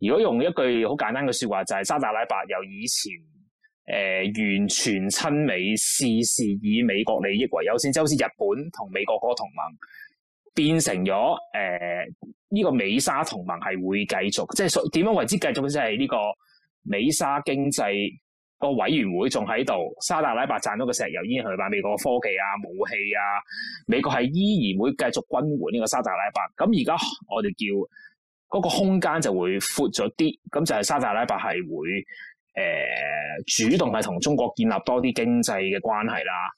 如果用一句好簡單嘅說話就係、是、沙地阿拉伯由以前誒、呃、完全親美，事事以美國利益為優先，即好似日本同美國嗰個同盟。變成咗誒呢個美沙同盟係會繼續，即係點樣為之繼續？即係呢個美沙經濟個委員會仲喺度。沙特阿拉伯賺到個石油煙，依去佢買美國嘅科技啊、武器啊。美國係依然會繼續軍援呢個沙特阿拉伯。咁而家我哋叫嗰個空間就會闊咗啲，咁就係沙特阿拉伯係會誒、呃、主動係同中國建立多啲經濟嘅關係啦。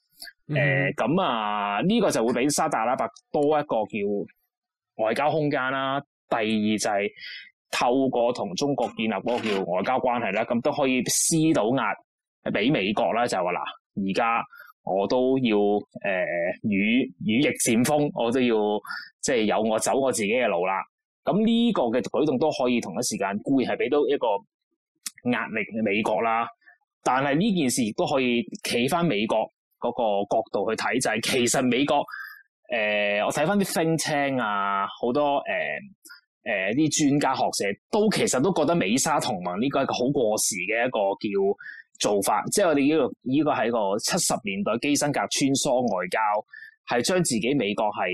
誒咁啊，呢、嗯呃這個就會俾沙特阿拉伯多一個叫外交空間啦。第二就係透過同中國建立嗰個叫外交關係啦，咁都可以施到壓俾美國啦。就話、是、嗱，而家我都要誒羽羽翼漸豐，我都要即係、就是、有我走我自己嘅路啦。咁呢個嘅舉動都可以同一時間固然係俾到一個壓力嘅美國啦，但係呢件事亦都可以企返美國。嗰個角度去睇就係、是，其實美國誒、呃，我睇翻啲 Think Tank 啊，好多誒誒啲專家學者都其實都覺得美沙同盟呢個係好過時嘅一個叫做法，即係我哋呢個呢個係一個七十年代基辛格穿梭外交，係將自己美國係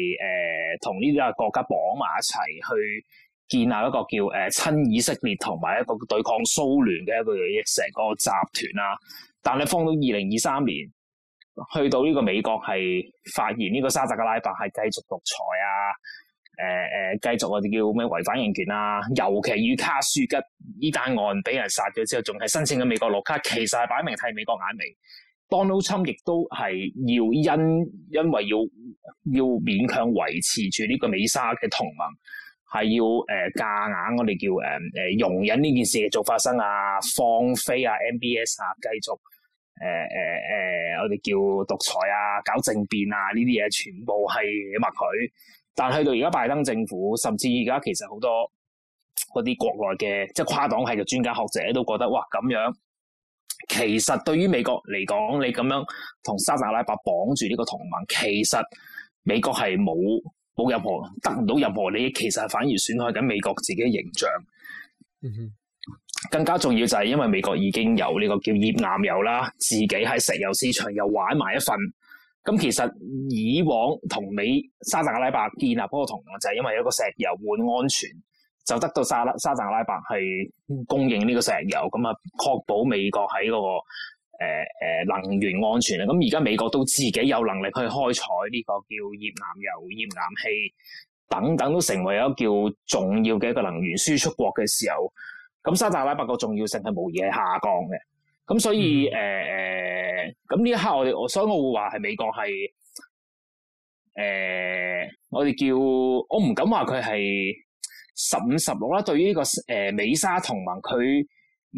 誒同呢啲國家綁埋一齊去建立一個叫誒親以色列同埋一個對抗蘇聯嘅一個成個集團啊。但係放到二零二三年。去到呢個美國係，發現呢個沙特阿拉伯係繼續獨裁啊，誒、呃、誒，繼續我哋叫咩違反人權啊，尤其與卡舒吉呢單案俾人殺咗之後，仲係申請喺美國綠卡，其實係擺明睇美國眼眉。Donald Trump 亦都係要因因為要要勉強維持住呢個美沙嘅同盟，係要誒夾、呃、硬我哋叫誒誒、呃、容忍呢件事嘅做發生啊，放飛啊 MBS 啊，繼續。誒誒誒，我哋叫獨裁啊，搞政變啊，呢啲嘢全部係默許。但去到而家拜登政府，甚至而家其實好多嗰啲國內嘅即係跨黨係嘅專家學者都覺得，哇咁樣其實對於美國嚟講，你咁樣同沙特阿拉伯綁住呢個同盟，其實美國係冇冇任何得唔到任何利益，其實反而損害緊美國自己形象。嗯哼。更加重要就係因為美國已經有呢個叫頁岩油啦，自己喺石油市場又玩埋一份。咁其實以往同美沙特阿拉伯建立不同就係、是、因為有一個石油換安全，就得到沙拉沙特阿拉伯係供應呢個石油，咁啊確保美國喺嗰，那個誒誒、呃呃、能源安全啊。咁而家美國都自己有能力去開採呢個叫頁岩油、頁岩氣等等，都成為咗叫重要嘅一個能源輸出國嘅時候。咁沙特阿拉伯個重要性係無疑係下降嘅，咁所以誒誒，咁呢、嗯呃、一刻我哋我所以我、呃，我會話係美國係誒，我哋叫我唔敢話佢係十五十六啦。對於呢、這個誒、呃、美沙同盟，佢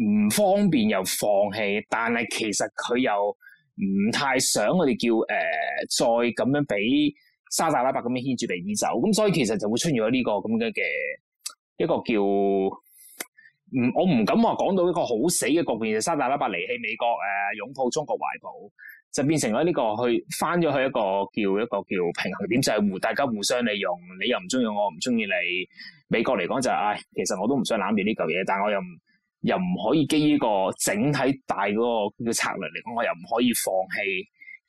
唔方便又放棄，但係其實佢又唔太想我哋叫誒、呃、再咁樣俾沙特阿拉伯咁樣牽住嚟鼻走，咁所以其實就會出現咗呢個咁嘅嘅一個叫。唔，我唔敢話講到一個好死嘅局面，就沙地阿拉伯離棄美國，誒、啊，擁抱中國懷抱，就變成咗呢個去翻咗去一個叫一個叫平衡點，就係、是、互大家互相利用，你又唔中意我，我唔中意你。美國嚟講就係、是，唉，其實我都唔想攬住呢嚿嘢，但係我又又唔可以基於個整體大嗰個叫策略嚟講，我又唔可以放棄。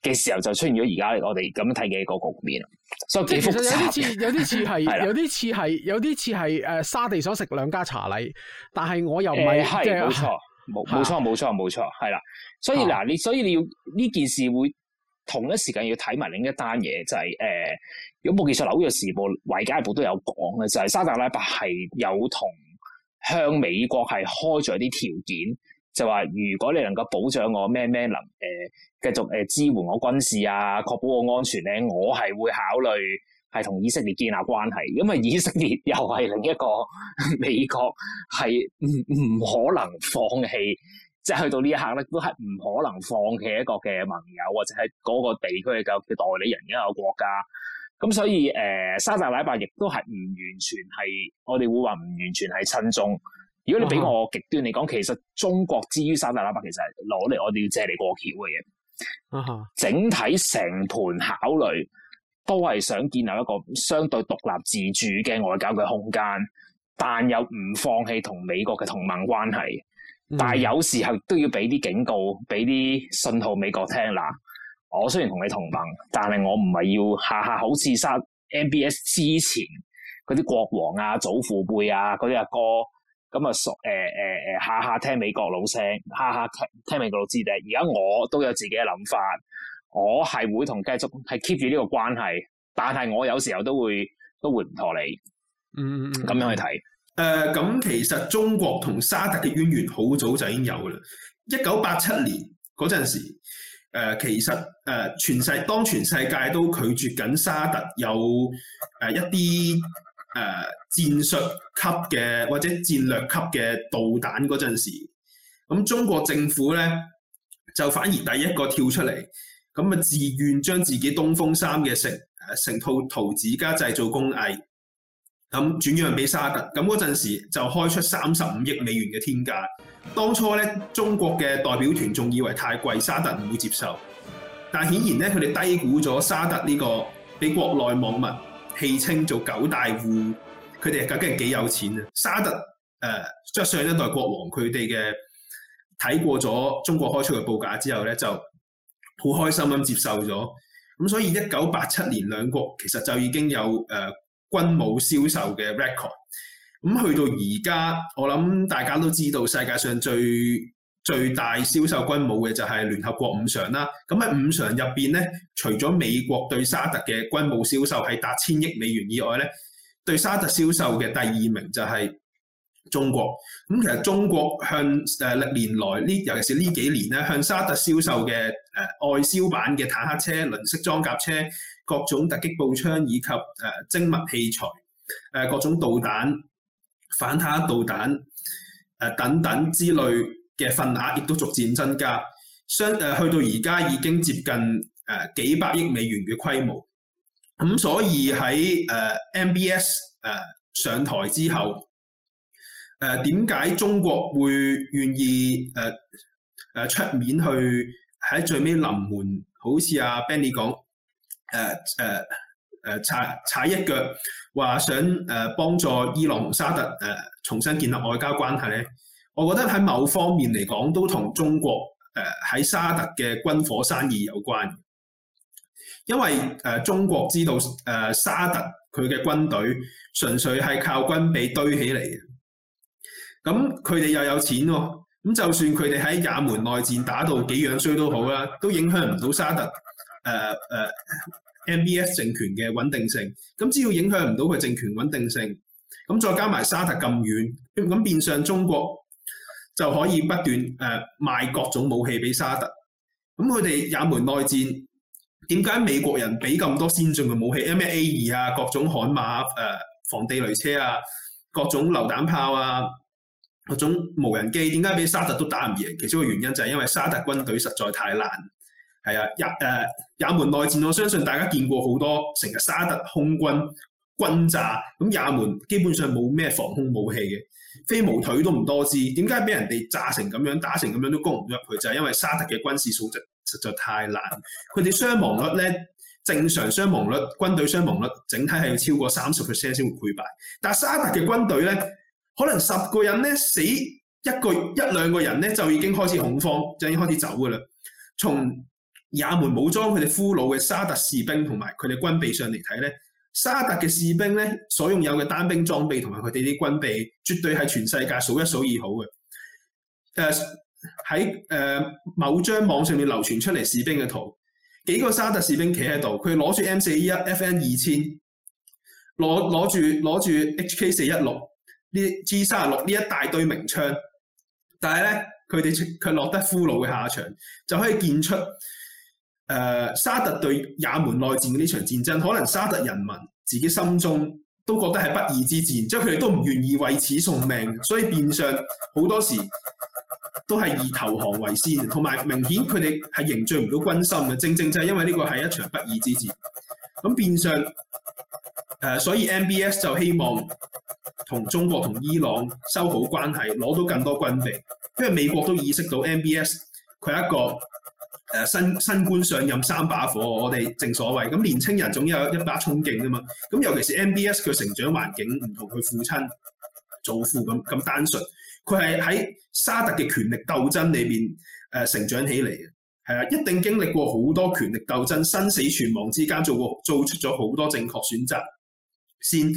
嘅時候就出現咗而家我哋咁樣睇嘅嗰個局面，所以其實有啲似有啲似係，有啲似係，有啲似係誒沙地所食兩家茶禮，但係我又唔係，係冇錯，冇錯，冇錯，冇錯，係啦、啊。所以嗱，你所以你要呢件事會同一時間要睇埋另一單嘢，就係、是、誒、呃，如果其實《紐約時報》《華爾街日報》部都有講咧，就係、是、沙特阿拉伯係有同向美國係開咗啲條件。就話如果你能夠保障我咩咩能誒、呃、繼續誒、呃、支援我軍事啊，確保我安全咧，我係會考慮係同以色列建立關係。因為，以色列又係另一個 <laughs> 美國係唔唔可能放棄，即、就、係、是、去到呢一刻咧，都係唔可能放棄一個嘅盟友或者係嗰個地區嘅嘅代理人嘅一個國家。咁所以誒、呃，沙特禮拜亦都係唔完全係我哋會話唔完全係親中。如果你俾我極端嚟講，其實中國之於沙地阿拉伯其實係攞嚟我哋要借你過橋嘅嘢。 整體成盤考慮都係想建立一個相對獨立自主嘅外交嘅空間，但又唔放棄同美國嘅同盟關係。但係有時候都要俾啲警告，俾啲信號美國聽啦。我雖然同你同盟，但係我唔係要下下好似殺 MBS 之前嗰啲國王啊、祖父輩啊嗰啲阿哥。咁啊，索誒誒誒，下下聽美國佬聲，下下聽聽美國佬之弟。而家我都有自己嘅諗法，我係會同繼續係 keep 住呢個關係，但係我有時候都會都會唔妥你，嗯，咁樣去睇。誒、嗯、咁、呃、其實中國同沙特嘅淵源好早就已經有噶啦。一九八七年嗰陣時，誒，其實誒、呃，全世當全世界都拒絕緊沙特有誒、呃、一啲。誒、呃、戰術級嘅或者戰略級嘅導彈嗰陣時，咁中國政府咧就反而第一個跳出嚟，咁啊，自願將自己東風三嘅成誒成套圖紙加製造工藝，咁轉讓俾沙特，咁嗰陣時就開出三十五億美元嘅天價。當初咧，中國嘅代表團仲以為太貴，沙特唔會接受，但顯然咧，佢哋低估咗沙特呢個俾國內網民。戲稱做九大戶，佢哋究竟係幾有錢啊！沙特即係、呃、上一代國王佢哋嘅睇過咗中國開出嘅報價之後咧，就好開心咁接受咗。咁所以一九八七年兩國其實就已經有誒、呃、軍武銷售嘅 record。咁去到而家，我諗大家都知道世界上最最大銷售軍武嘅就係聯合國五常啦。咁喺五常入邊咧，除咗美國對沙特嘅軍武銷售係達千億美元以外咧，對沙特銷售嘅第二名就係中國。咁其實中國向誒歷年來呢，尤其是呢幾年咧，向沙特銷售嘅誒外銷版嘅坦克車、輪式裝甲車、各種突擊步槍以及誒精密器材、誒各種導彈、反坦克導彈誒等等之類。嘅份額亦都逐漸增加，相誒去到而家已經接近誒、呃、幾百億美元嘅規模，咁所以喺誒、呃、MBS 誒、呃、上台之後，誒點解中國會願意誒誒、呃呃、出面去喺最尾臨門，好似阿 Benny 講誒誒誒踩踩一腳，話想誒、呃、幫助伊朗同沙特誒、呃、重新建立外交關係咧？我覺得喺某方面嚟講，都同中國誒喺沙特嘅軍火生意有關，因為誒、呃、中國知道誒、呃、沙特佢嘅軍隊純粹係靠軍備堆起嚟嘅，咁佢哋又有錢喎，咁、嗯、就算佢哋喺也門內戰打到幾樣衰都好啦，都影響唔到沙特誒誒、呃呃、MBS 政權嘅穩定性。咁、嗯、只要影響唔到佢政權穩定性，咁、嗯、再加埋沙特咁遠，咁變，變相中國，就可以不斷誒賣各種武器俾沙特，咁佢哋也門內戰，點解美國人俾咁多先進嘅武器 M1A2 啊，各種悍馬誒、啊、防地雷車啊，各種榴彈炮啊，各種無人機，點解俾沙特都打唔贏？其中個原因就係因為沙特軍隊實在太爛，係啊，也誒也門內戰，我相信大家見過好多，成日沙特空軍轟炸，咁也門基本上冇咩防空武器嘅。飛毛腿都唔多知，點解俾人哋炸成咁樣、打成咁樣都攻唔入去？就係、是、因為沙特嘅軍事素質實在太難。佢哋傷亡率咧，正常傷亡率、軍隊傷亡率整體係要超過三十 percent 先會潰敗。但係沙特嘅軍隊咧，可能十個人咧死一個、一兩個人咧就已經開始恐慌，就已經開始走㗎啦。從也門武裝佢哋俘虜嘅沙特士兵同埋佢哋軍備上嚟睇咧。沙特嘅士兵咧，所擁有嘅單兵裝備同埋佢哋啲軍備，絕對係全世界數一數二好嘅。誒喺誒某張網上面流傳出嚟士兵嘅圖，幾個沙特士兵企喺度，佢攞住 M 四一 FN 二千，攞攞住攞住 HK 四一六呢 G 三十六呢一大堆名槍，但係咧佢哋卻落得俘虜嘅下場，就可以見出。誒、呃、沙特對也門內戰嘅呢場戰爭，可能沙特人民自己心中都覺得係不義之戰，即係佢哋都唔願意為此送命，所以變相好多時都係以投降為先，同埋明顯佢哋係凝聚唔到軍心嘅，正正就係因為呢個係一場不義之戰。咁變相誒、呃，所以 MBS 就希望同中國同伊朗修好關係，攞到更多軍備，因為美國都意識到 MBS 佢係一個。誒新新官上任三把火，我哋正所謂咁年青人總有一把衝勁㗎嘛。咁尤其是 MBS 佢成長環境唔同佢父親祖父咁咁單純，佢係喺沙特嘅權力鬥爭裏邊誒成長起嚟嘅，係啊，一定經歷過好多權力鬥爭、生死存亡之間，做過做出咗好多正確選擇，先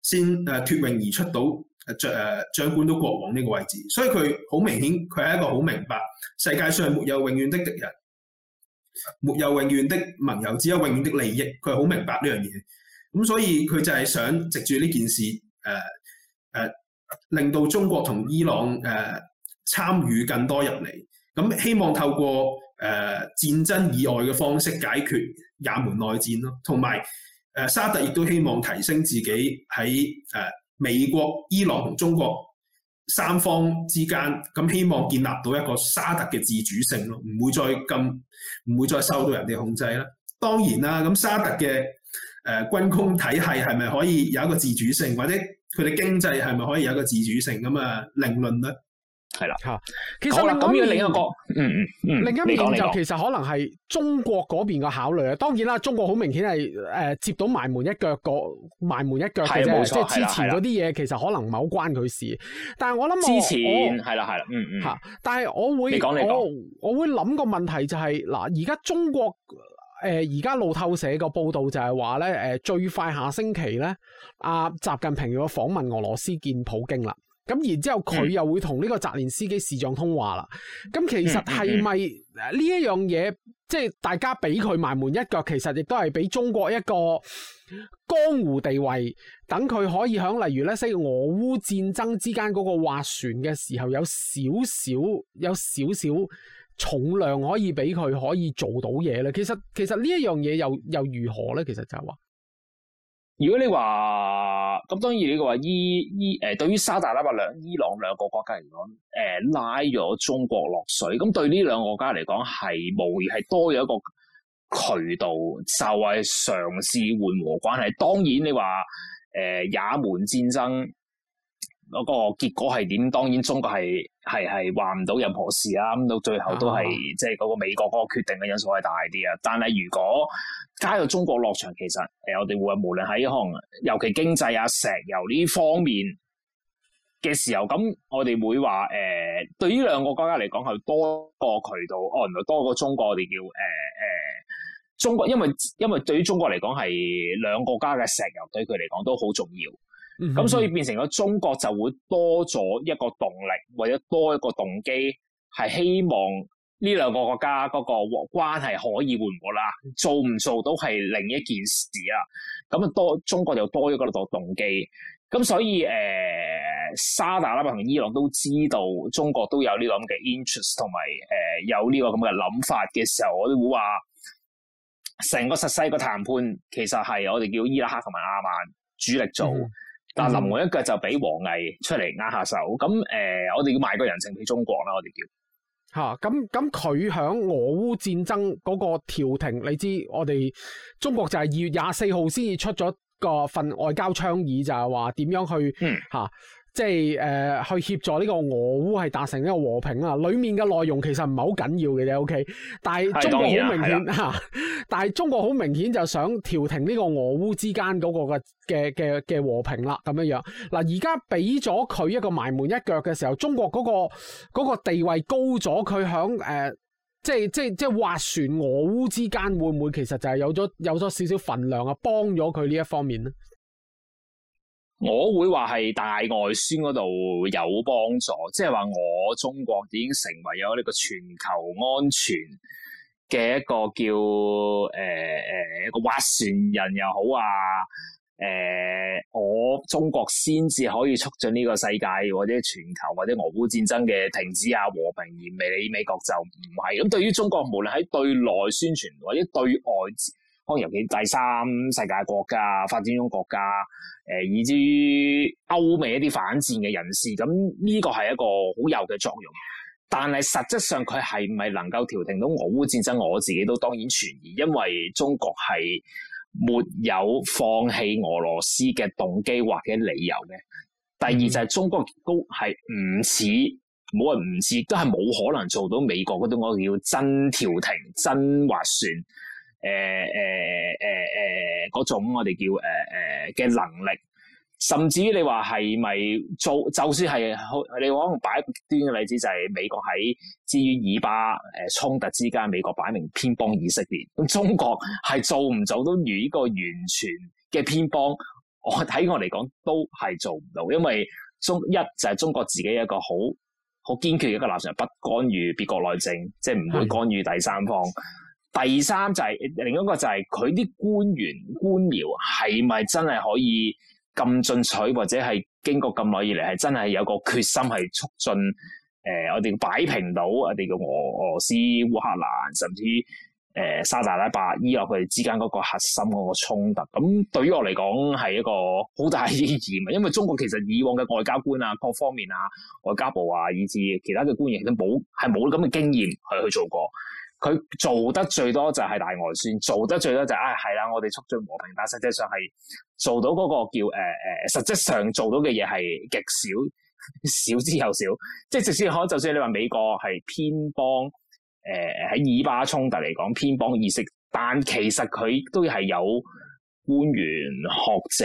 先誒脫穎而出到誒掌誒掌管到國王呢個位置。所以佢好明顯，佢係一個好明白世界上沒有永遠的敵人。沒有永遠的盟友，只有永遠的利益。佢好明白呢樣嘢，咁所以佢就係想藉住呢件事，誒誒、呃呃，令到中國同伊朗誒、呃、參與更多入嚟，咁希望透過誒、呃、戰爭以外嘅方式解決也門內戰咯，同埋誒沙特亦都希望提升自己喺誒、呃、美國、伊朗同中國。三方之間，咁希望建立到一個沙特嘅自主性咯，唔會再咁唔會再受到人哋控制啦。當然啦，咁沙特嘅誒、呃、軍工體系係咪可以有一個自主性，或者佢哋經濟係咪可以有一個自主性咁啊？另論啦。係啦，吓，其實另一面另一個，嗯嗯嗯，另一面就其實可能係中國嗰邊嘅考慮啊。當然啦，中國好明顯係誒，接到埋門一腳個埋門一腳嘅啫，即係之前嗰啲嘢，其實可能唔係好關佢事。但係我諗，之前，係啦係啦，嗯嗯吓。但係我會，你講你講，我會諗個問題就係嗱，而家中國誒，而家路透社個報道就係話咧，誒，最快下星期咧，啊習近平要訪問俄羅斯見普京啦。咁然之後佢又會同呢個澤連斯基視像通話啦。咁其實係咪呢一樣嘢， <laughs> 即係大家俾佢埋門一腳，其實亦都係俾中國一個江湖地位，等佢可以響例如咧，西俄烏戰爭之間嗰個斡旋嘅時候，有少少有少少重量可以俾佢，可以做到嘢啦。其實其實呢一樣嘢又又如何呢？其實就係話。如果你話咁，當然你話伊伊誒、呃，對於沙特啦、阿兩伊朗兩個國家嚟講，誒、呃、拉咗中國落水，咁對呢兩個國家嚟講係無疑係多咗一個渠道，就係、是、嘗試緩和關係。當然你話誒、呃、也門戰爭。嗰個結果係點？當然中國係係係話唔到任何事啦、啊。咁到最後都係、uh huh. 即係嗰個美國嗰個決定嘅因素係大啲啊。但係如果加入中國落場，其實誒我哋會無論喺可能尤其經濟啊、石油呢方面嘅時候，咁我哋會話誒、呃、對於兩個國家嚟講係多個渠道。哦，唔係多過中國，我哋叫誒誒、呃、中國，因為因為對於中國嚟講係兩個國家嘅石油對佢嚟講都好重要。咁、嗯、所以變成咗中國就會多咗一個動力，或者多一個動機，係希望呢兩個國家嗰個關關係可以緩和啦。做唔做到係另一件事啦。咁啊，多中國就多咗一個動動機。咁所以誒、呃，沙地啦同伊朗都知道中國都有呢個咁嘅 interest，同埋誒有呢個咁嘅諗法嘅時候，我都會話，成個實際個談判其實係我哋叫伊拉克同埋阿曼主力做。嗯但係臨門一腳就俾王毅出嚟握下手，咁誒、呃，我哋要賣個人情俾中國啦，我哋叫吓，咁咁佢響俄烏戰爭嗰個調停，你知我哋中國就係二月廿四號先至出咗個份外交倡議，就係話點樣去吓。嗯啊即係誒、呃，去協助呢個俄烏係達成呢個和平啊！裏面嘅內容其實唔係好緊要嘅啫，O K。Okay? 但係中國好明顯吓， <laughs> 但係中國好明顯就想調停呢個俄烏之間嗰個嘅嘅嘅嘅和平啦，咁樣樣。嗱，而家俾咗佢一個埋門一腳嘅時候，中國嗰、嗰個、嗰個地位高咗，佢響誒，即係即係即係斡旋俄烏之間，會唔會其實就係有咗有咗少少份量啊？幫咗佢呢一方面咧？我會話係大外宣嗰度有幫助，即係話我中國已經成為咗呢個全球安全嘅一個叫誒誒、呃、個劃船人又好啊，誒、呃、我中國先至可以促進呢個世界或者全球或者俄烏戰爭嘅停止啊和平而未，美國就唔係咁。對於中國，無論喺對內宣傳或者對外。當然，尤其第三世界國家、發展中國家，誒、呃，以至於歐美一啲反戰嘅人士，咁呢個係一個好有嘅作用。但係實質上佢係唔係能夠調停到俄烏戰爭，我自己都當然存疑，因為中國係沒有放棄俄羅斯嘅動機或者理由嘅。第二就係中國都係唔似，冇人唔似，都係冇可能做到美國嗰種我叫真調停、真斡旋。誒誒誒誒嗰種我哋叫誒誒嘅能力，甚至於你話係咪做，就算係你可能擺極端嘅例子，就係美國喺至於以巴誒衝突之間，美國擺明偏幫以色列。咁中國係做唔做到如呢個完全嘅偏幫？我睇我嚟講都係做唔到，因為中一就係、是、中國自己一個好好堅決嘅一個立場，不干預別國內政，即係唔會干預第三方。第三就係、是、另一個就係佢啲官員官僚係咪真係可以咁進取，或者係經過咁耐以嚟係真係有個決心係促進誒、呃、我哋擺平到我哋嘅俄俄羅斯烏克蘭，甚至誒、呃、沙特阿拉伯伊朗佢哋之間嗰個核心嗰個衝突。咁對於我嚟講係一個好大疑問，因為中國其實以往嘅外交官啊，各方面啊，外交部啊，以至其他嘅官員都冇係冇咁嘅經驗去去做過。佢做得最多就係大外宣，做得最多就係、是、啊，係、哎、啦，我哋促進和平，但實際上係做到嗰個叫誒誒、呃，實際上做到嘅嘢係極少，少之又少。即係即使可，就算你話美國係偏幫誒喺以巴衝突嚟講偏幫意識，但其實佢都係有官員、學者、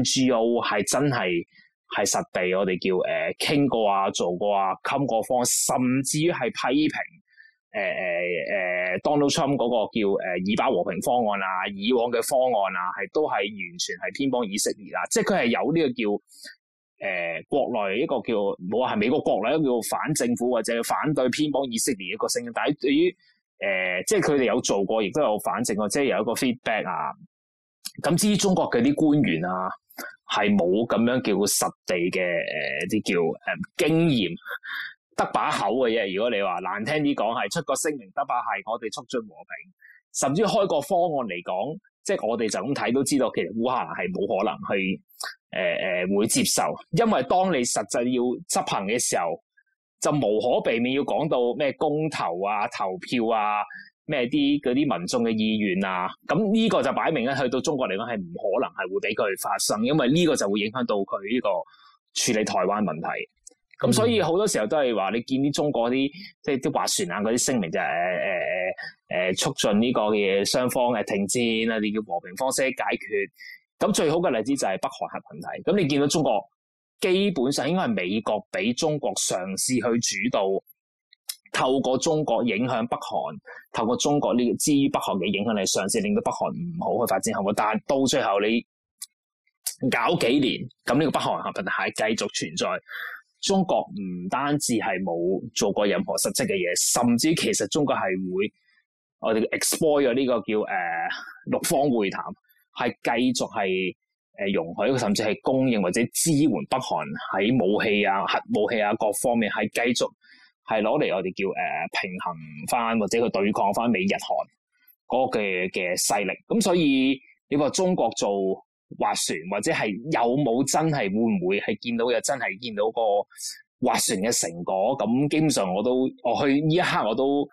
NGO 係真係係實地，我哋叫誒傾、呃、過啊、做過啊、冚過方，甚至於係批評。誒誒誒，Donald Trump 嗰個叫誒、呃、以巴和平方案啊，以往嘅方案啊，係都係完全係偏幫以色列，啊，即係佢係有呢個叫誒、呃、國內一個叫冇話係美國國內一個叫反政府或者反對偏幫以色列一個聲音。但係對於誒、呃，即係佢哋有做過，亦都有反證，即係有一個 feedback 啊。咁至於中國嘅啲官員啊，係冇咁樣叫實地嘅誒啲叫誒、呃、經驗。得把口嘅嘢，如果你話難聽啲講，係出個聲明，得把係我哋促進和平，甚至開個方案嚟講，即係我哋就咁睇都知道，其實烏克蘭係冇可能去誒誒、呃、會接受，因為當你實際要執行嘅時候，就無可避免要講到咩公投啊、投票啊、咩啲嗰啲民眾嘅意願啊，咁呢個就擺明咧去到中國嚟講係唔可能係會俾佢發生，因為呢個就會影響到佢呢個處理台灣問題。咁、嗯、所以好多時候都係，話你見啲中國啲，即係啲斡旋啊，嗰啲聲明就係誒誒誒誒促進呢個嘅雙方嘅停戰啊，你叫和平方式解決。咁最好嘅例子就係北韓核問題。咁你見到中國基本上應該係美國俾中國嘗試去主導，透過中國影響北韓，透過中國呢、呢個之於北韓嘅影響力嘗試令到北韓唔好去發展核武。但係到最後你搞幾年，咁呢個北韓核問題繼續存在。中國唔單止係冇做過任何實質嘅嘢，甚至其實中國係會我哋叫 explore 呢個叫誒、呃、六方會談，係繼續係誒容許甚至係供應或者支援北韓喺武器啊、核武器啊各方面，係繼續係攞嚟我哋叫誒、呃、平衡翻或者去對抗翻美日韓嗰嘅嘅勢力。咁所以你話中國做？划船，或者係有冇真係會唔會係見到，又真係見到個划船嘅成果？咁基本上我都我去呢一刻我都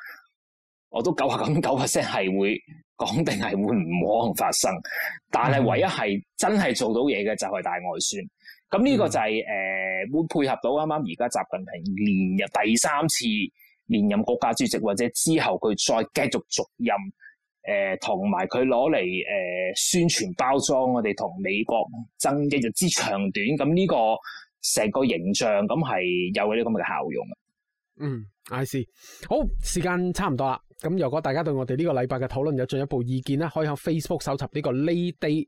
我都九十九個 percent 係會講定係會唔可能發生？但係唯一係真係做到嘢嘅就係大外宣。咁呢個就係、是、誒、嗯呃、會配合到啱啱而家習近平連任第三次連任國家主席，或者之後佢再繼續續任。誒，同埋佢攞嚟誒宣傳包裝，我哋同美國爭一日之長短，咁呢個成個形象咁係有嗰啲咁嘅效用嘅。嗯，I see. 好，時間差唔多啦。咁如果大家對我哋呢個禮拜嘅討論有進一步意見咧，可以喺 Facebook 搜集呢個 Lady。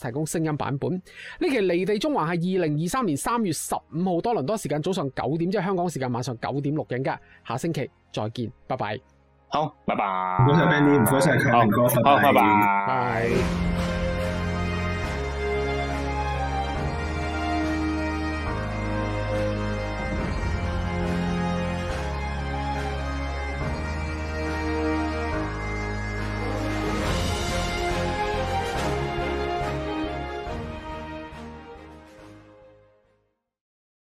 提供聲音版本呢期離地縱橫係二零二三年三月十五號多倫多時間早上九點即係香港時間晚上九點錄影噶下星期再見拜拜好拜拜唔該晒 Benny 唔該晒好，唔該晒！好拜拜拜。